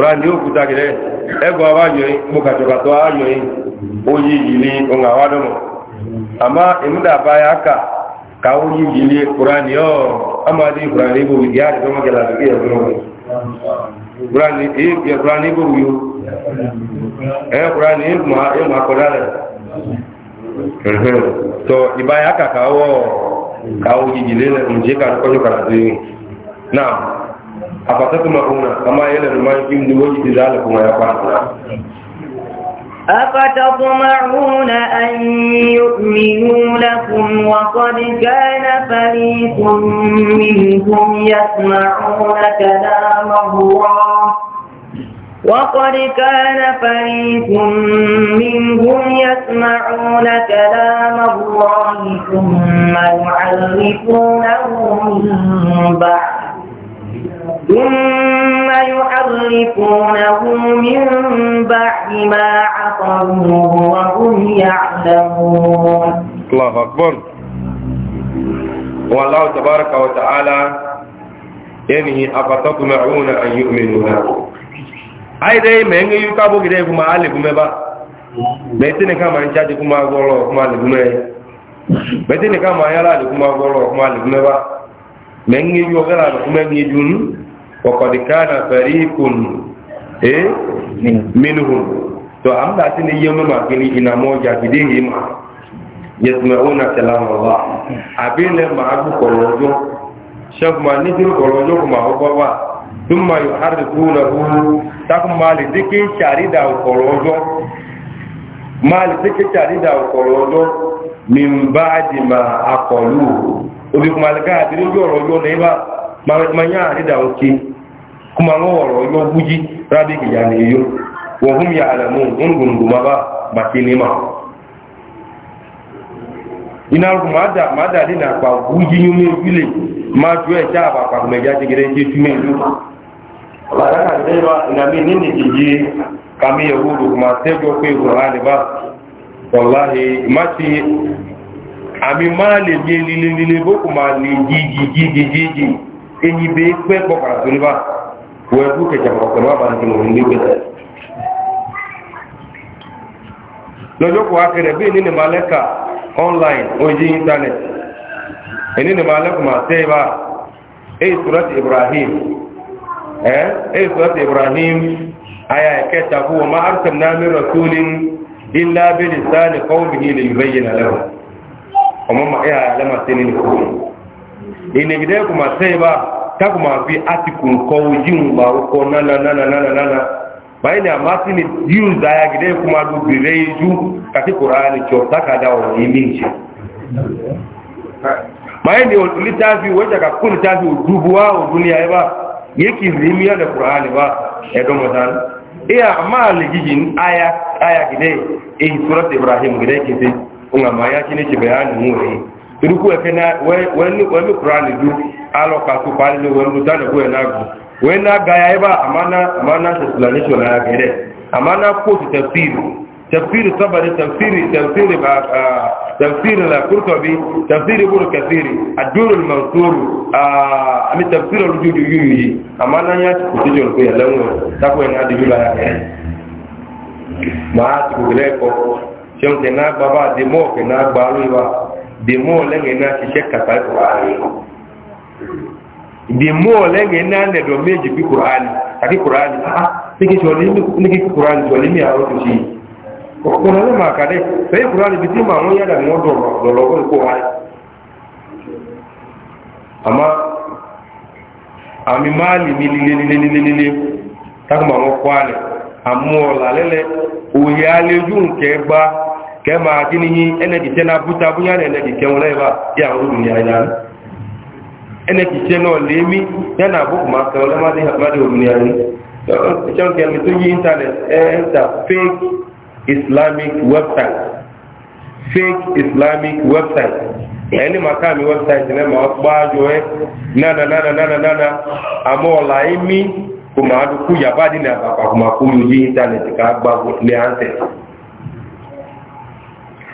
kùránì ó kúta kìrẹ́ ẹgbọ́ awáyọ̀yìn mọ́kàtọ̀kàtọ̀ ayọ̀yìn ó yí ìlé ohun àwádọ́mọ̀ àmá ìmúdàbá ya kà ká ó yí ìlé kùránì ọ́ amáde kùránì ibò wìdí àdìgbọ́mọ́kẹ̀lá àti kùránì ibò wíwó ẹ̀ kùránì ìmọ̀ akọ̀dá rẹ̀ tọ ìbáyà kà ká ó yí ìlé ǹjẹ́ kà أفتطمعون أن يؤمنوا لكم وقد كان فريق منهم يسمعون كلام الله وقد كان فريق منهم يسمعون كلام الله ثم يعرفونه من بعد ثم يحرفونه من بعد ما عقلوه وهم يعلمون الله أكبر والله تبارك وتعالى ينهي أفتطمعون أن يؤمنوا له ai dai me ngi yuka bo gide kuma ale kuma ba me tini kama ncha di kuma goro kuma ale kuma me tini kama yala ale kuma goro kuma ale kuma ba من يجوغر من يجون وقد كان فريق إيه منهم تو أم لاتين يوم ما كني إن موجا كديهم يسمعون كلام الله أبين ما أبو كروجو شوف ما نجر كروجو ما هو بابا ثم يحرفونه تكم مالي ذكي شاريدا كروجو مالي ذكي شاريدا كروجو من بعد ما أقولوه obi kuma alika ati ni ojú ọ̀rọ̀ ọjọ́ nìyí bá ma yá àrídà òkè kuma ń ọ̀rọ̀ ọjọ́ bújí rábí kìyà ní iyo wọ́n fún ya àlẹ́mú ń gbùngbùn ma bá bàtí ní ma iná rùn má dà má dà nínú àpà bújí yún mé wílé má ju ẹ̀ já àbàpà mẹ́já ti gẹ́rẹ́ jẹ́ túmẹ̀ ìlú bàtàkà ní má tẹ́jọ́ pé ìwòrán ní bá má ti àmì máa lè gbé lílelíle bókù máa lè jíjíjíjíjíjí èyí bẹ pẹ́ pọ̀kàrà tó níbà wọ́n ẹ̀kú kẹjà pọ̀kàrà wà bá ní ìwọ̀n ní gbẹ̀sẹ̀ lọ́jọ́ kò akẹrẹ bí ní nìmọ̀ alẹ́kà online ojú internet ẹni nìmọ̀ alẹ́kùn máa tẹ́ ibà èyí sùrọ̀tì ibrahim èyí ibrahim aya ẹ̀kẹta fún wọn máa arúgbó náà na tó ní ilá bẹ́ẹ̀ sáà ní kọ́wọ́ ọmọ ma ẹ alẹ́mà tẹ́ nínú kò ìnìgidẹ́ kò máa tẹ́ ibá tákò máa fi átikù nkọ ojíun gbà ọkọ nánanánanánà báyìí ni a máa sí ni yíò záyà gidẹ́ kò máa dùn bèrè ijú kàtí kò ráyà ní tíọ́ tákàdá ọ̀rọ̀ yìí mí jẹ báyìí ni olùtàfi wọ́jàkà kó olùtàfi òdúbuwá òdúnìyà ibá yìí kì í rí mí ọ̀dẹ̀ kò ráyà ní bá ẹ̀dọ́mọ̀tán iya máa lè jíjìn áyà gidẹ́ èyí sọ́rọ̀ ibrahim gidẹ́ kìí nga ma ya chini chibe ya ni ngure turuku eke na we we we Qur'an du alo ka ku pali le we ndu dana ku na gu we na ga ya ba amana amana explanation na gere amana ko tafsir tafsir sabari tafsir tafsir ba ah, ah, tafsir la qurtubi tafsir ibn kathir ad-dur al-mansur ami ah, tafsir al-jud yuyi amana ya ku tijo ko ya lawo ta ko na di tiɲɛ tɛ n'a gba ba demɔ kɛ n'a gba alo ye wa demɔ lɛŋɛ n'a sise kata ye kura ye demɔ lɛŋɛ n'a nɛdɔ mɛ jibi kura ni a ti kura ni aa ne ke sɔli ne ke kura ni sɔli mi a yɔrɔ tusi o kɔnɔ ne ma ka dɛ fɛn kura e ni biti ma ŋo yala ŋo dɔlɔ dɔlɔ ko ko wa ye ama ami kẹma kí ni yí ẹnẹ́kìtẹ́ náà búta búyá ní ẹnẹ́kìtẹ́ wọn lẹ́yìn bá yà wọ́n lù ní àyà rẹ̀ ẹnẹ́kìtẹ́ náà lémi yánà àbúkù máa kẹ́ ọlọ́mọ adé àbúrádé àyà rẹ̀ ṣọ́n tó yí internet ẹ́ẹ́ta fake islamic website fake islamic website ẹni màkà mi website náà máa gbáàjọ ẹ nánà nánà nánà nánà àmọ́ ọ̀la ẹ̀mí kò máa dùkú yàbá dín ní àbàkà kò máa kú yóò yí internet ká gbá lẹ́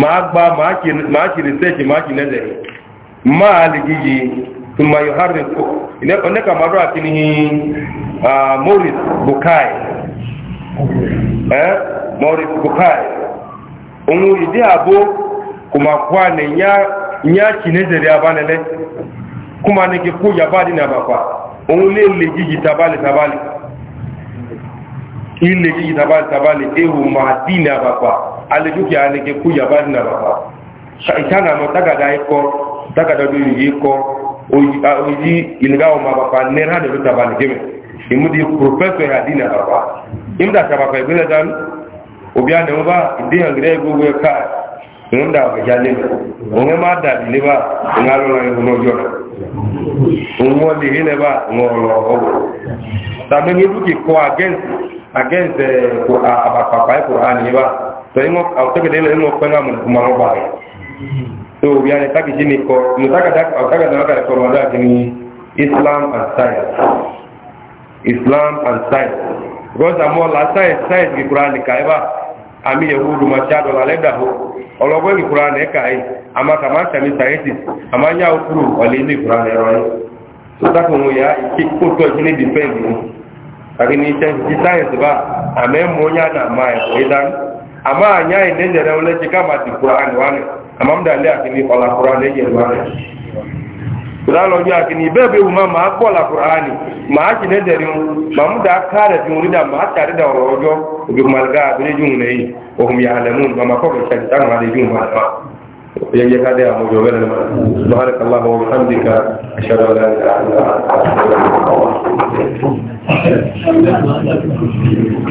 máa gba máa ṣe research máa ṣe lẹ́lẹ̀ máa lè jíjì tí ma yóò hàrí ọ̀nẹ́kà máa rọ́ àti ní maurice bukai maurice bukai ohun ìdí àbó kò máa kọ́ ànẹ̀ yá ṣì lẹ́sẹ̀rẹ̀ abánilẹ́ kó máa ní kí kó yàbá dínà àbàpà ohun lè lè jíjì ilé jíjì tabali tabali ewu máa dínà àbàpà alejuki aneke kuya bani na baba shaitana no tagada iko tagada do yiko oyi ilgawo ma baba nera de ta bani geme imudi professor ya dina baba imda ta baba ibele dan obia ne ba ide angre go go ka imda ba jale onge ma da bi ne ba ngalo na no jo onwo le ne ba ngolo obo ta me ni duki ko against against abapapa Quran ni ba so ingo autoke dele ingo kwanga mun kumaro ba so yani taki jini ko mutaka tak autoka na kare ko mada kini islam and science islam and science because amo la science science ki qur'an ka eba ami yahudu machado la leda ho ologbo ki qur'an e kai ama kama sami science ama nya okuru ole ni qur'an e ro so tako mo ya ki ko to jini defend ni lakini science ba ame mo nya na mai idan ama anya ine nyere ole chika ma ti qur'an wani ama mda le akini ola qur'an ye e wani qur'an lo ya akini bebe uma ma ko la qur'ani ma ki ne deri ma mda kare bi urida ma tare da rojo bi malga bi junne yi o hum ya'lamun ma ko be shaitan ma de junne ma يجي هذا موجود لنا سبحانك اللهم وبحمدك اشهد ان لا اله الا انت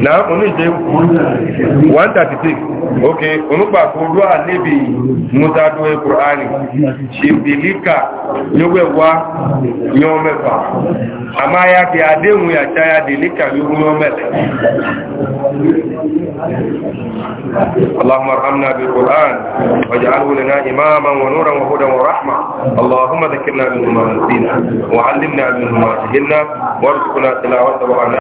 na onu je 136 okay onu pa ko do alebi musa do e qur'an shi bilika yowe wa yo mefa ama ya bi adehun ya cha ya dilika yo mele اللهم ارحمنا بالقران واجعله إماما ونورا وهدى ورحمة اللهم ذكرنا منهما نسينا وعلمنا منهما جهلنا وارزقنا تلاوته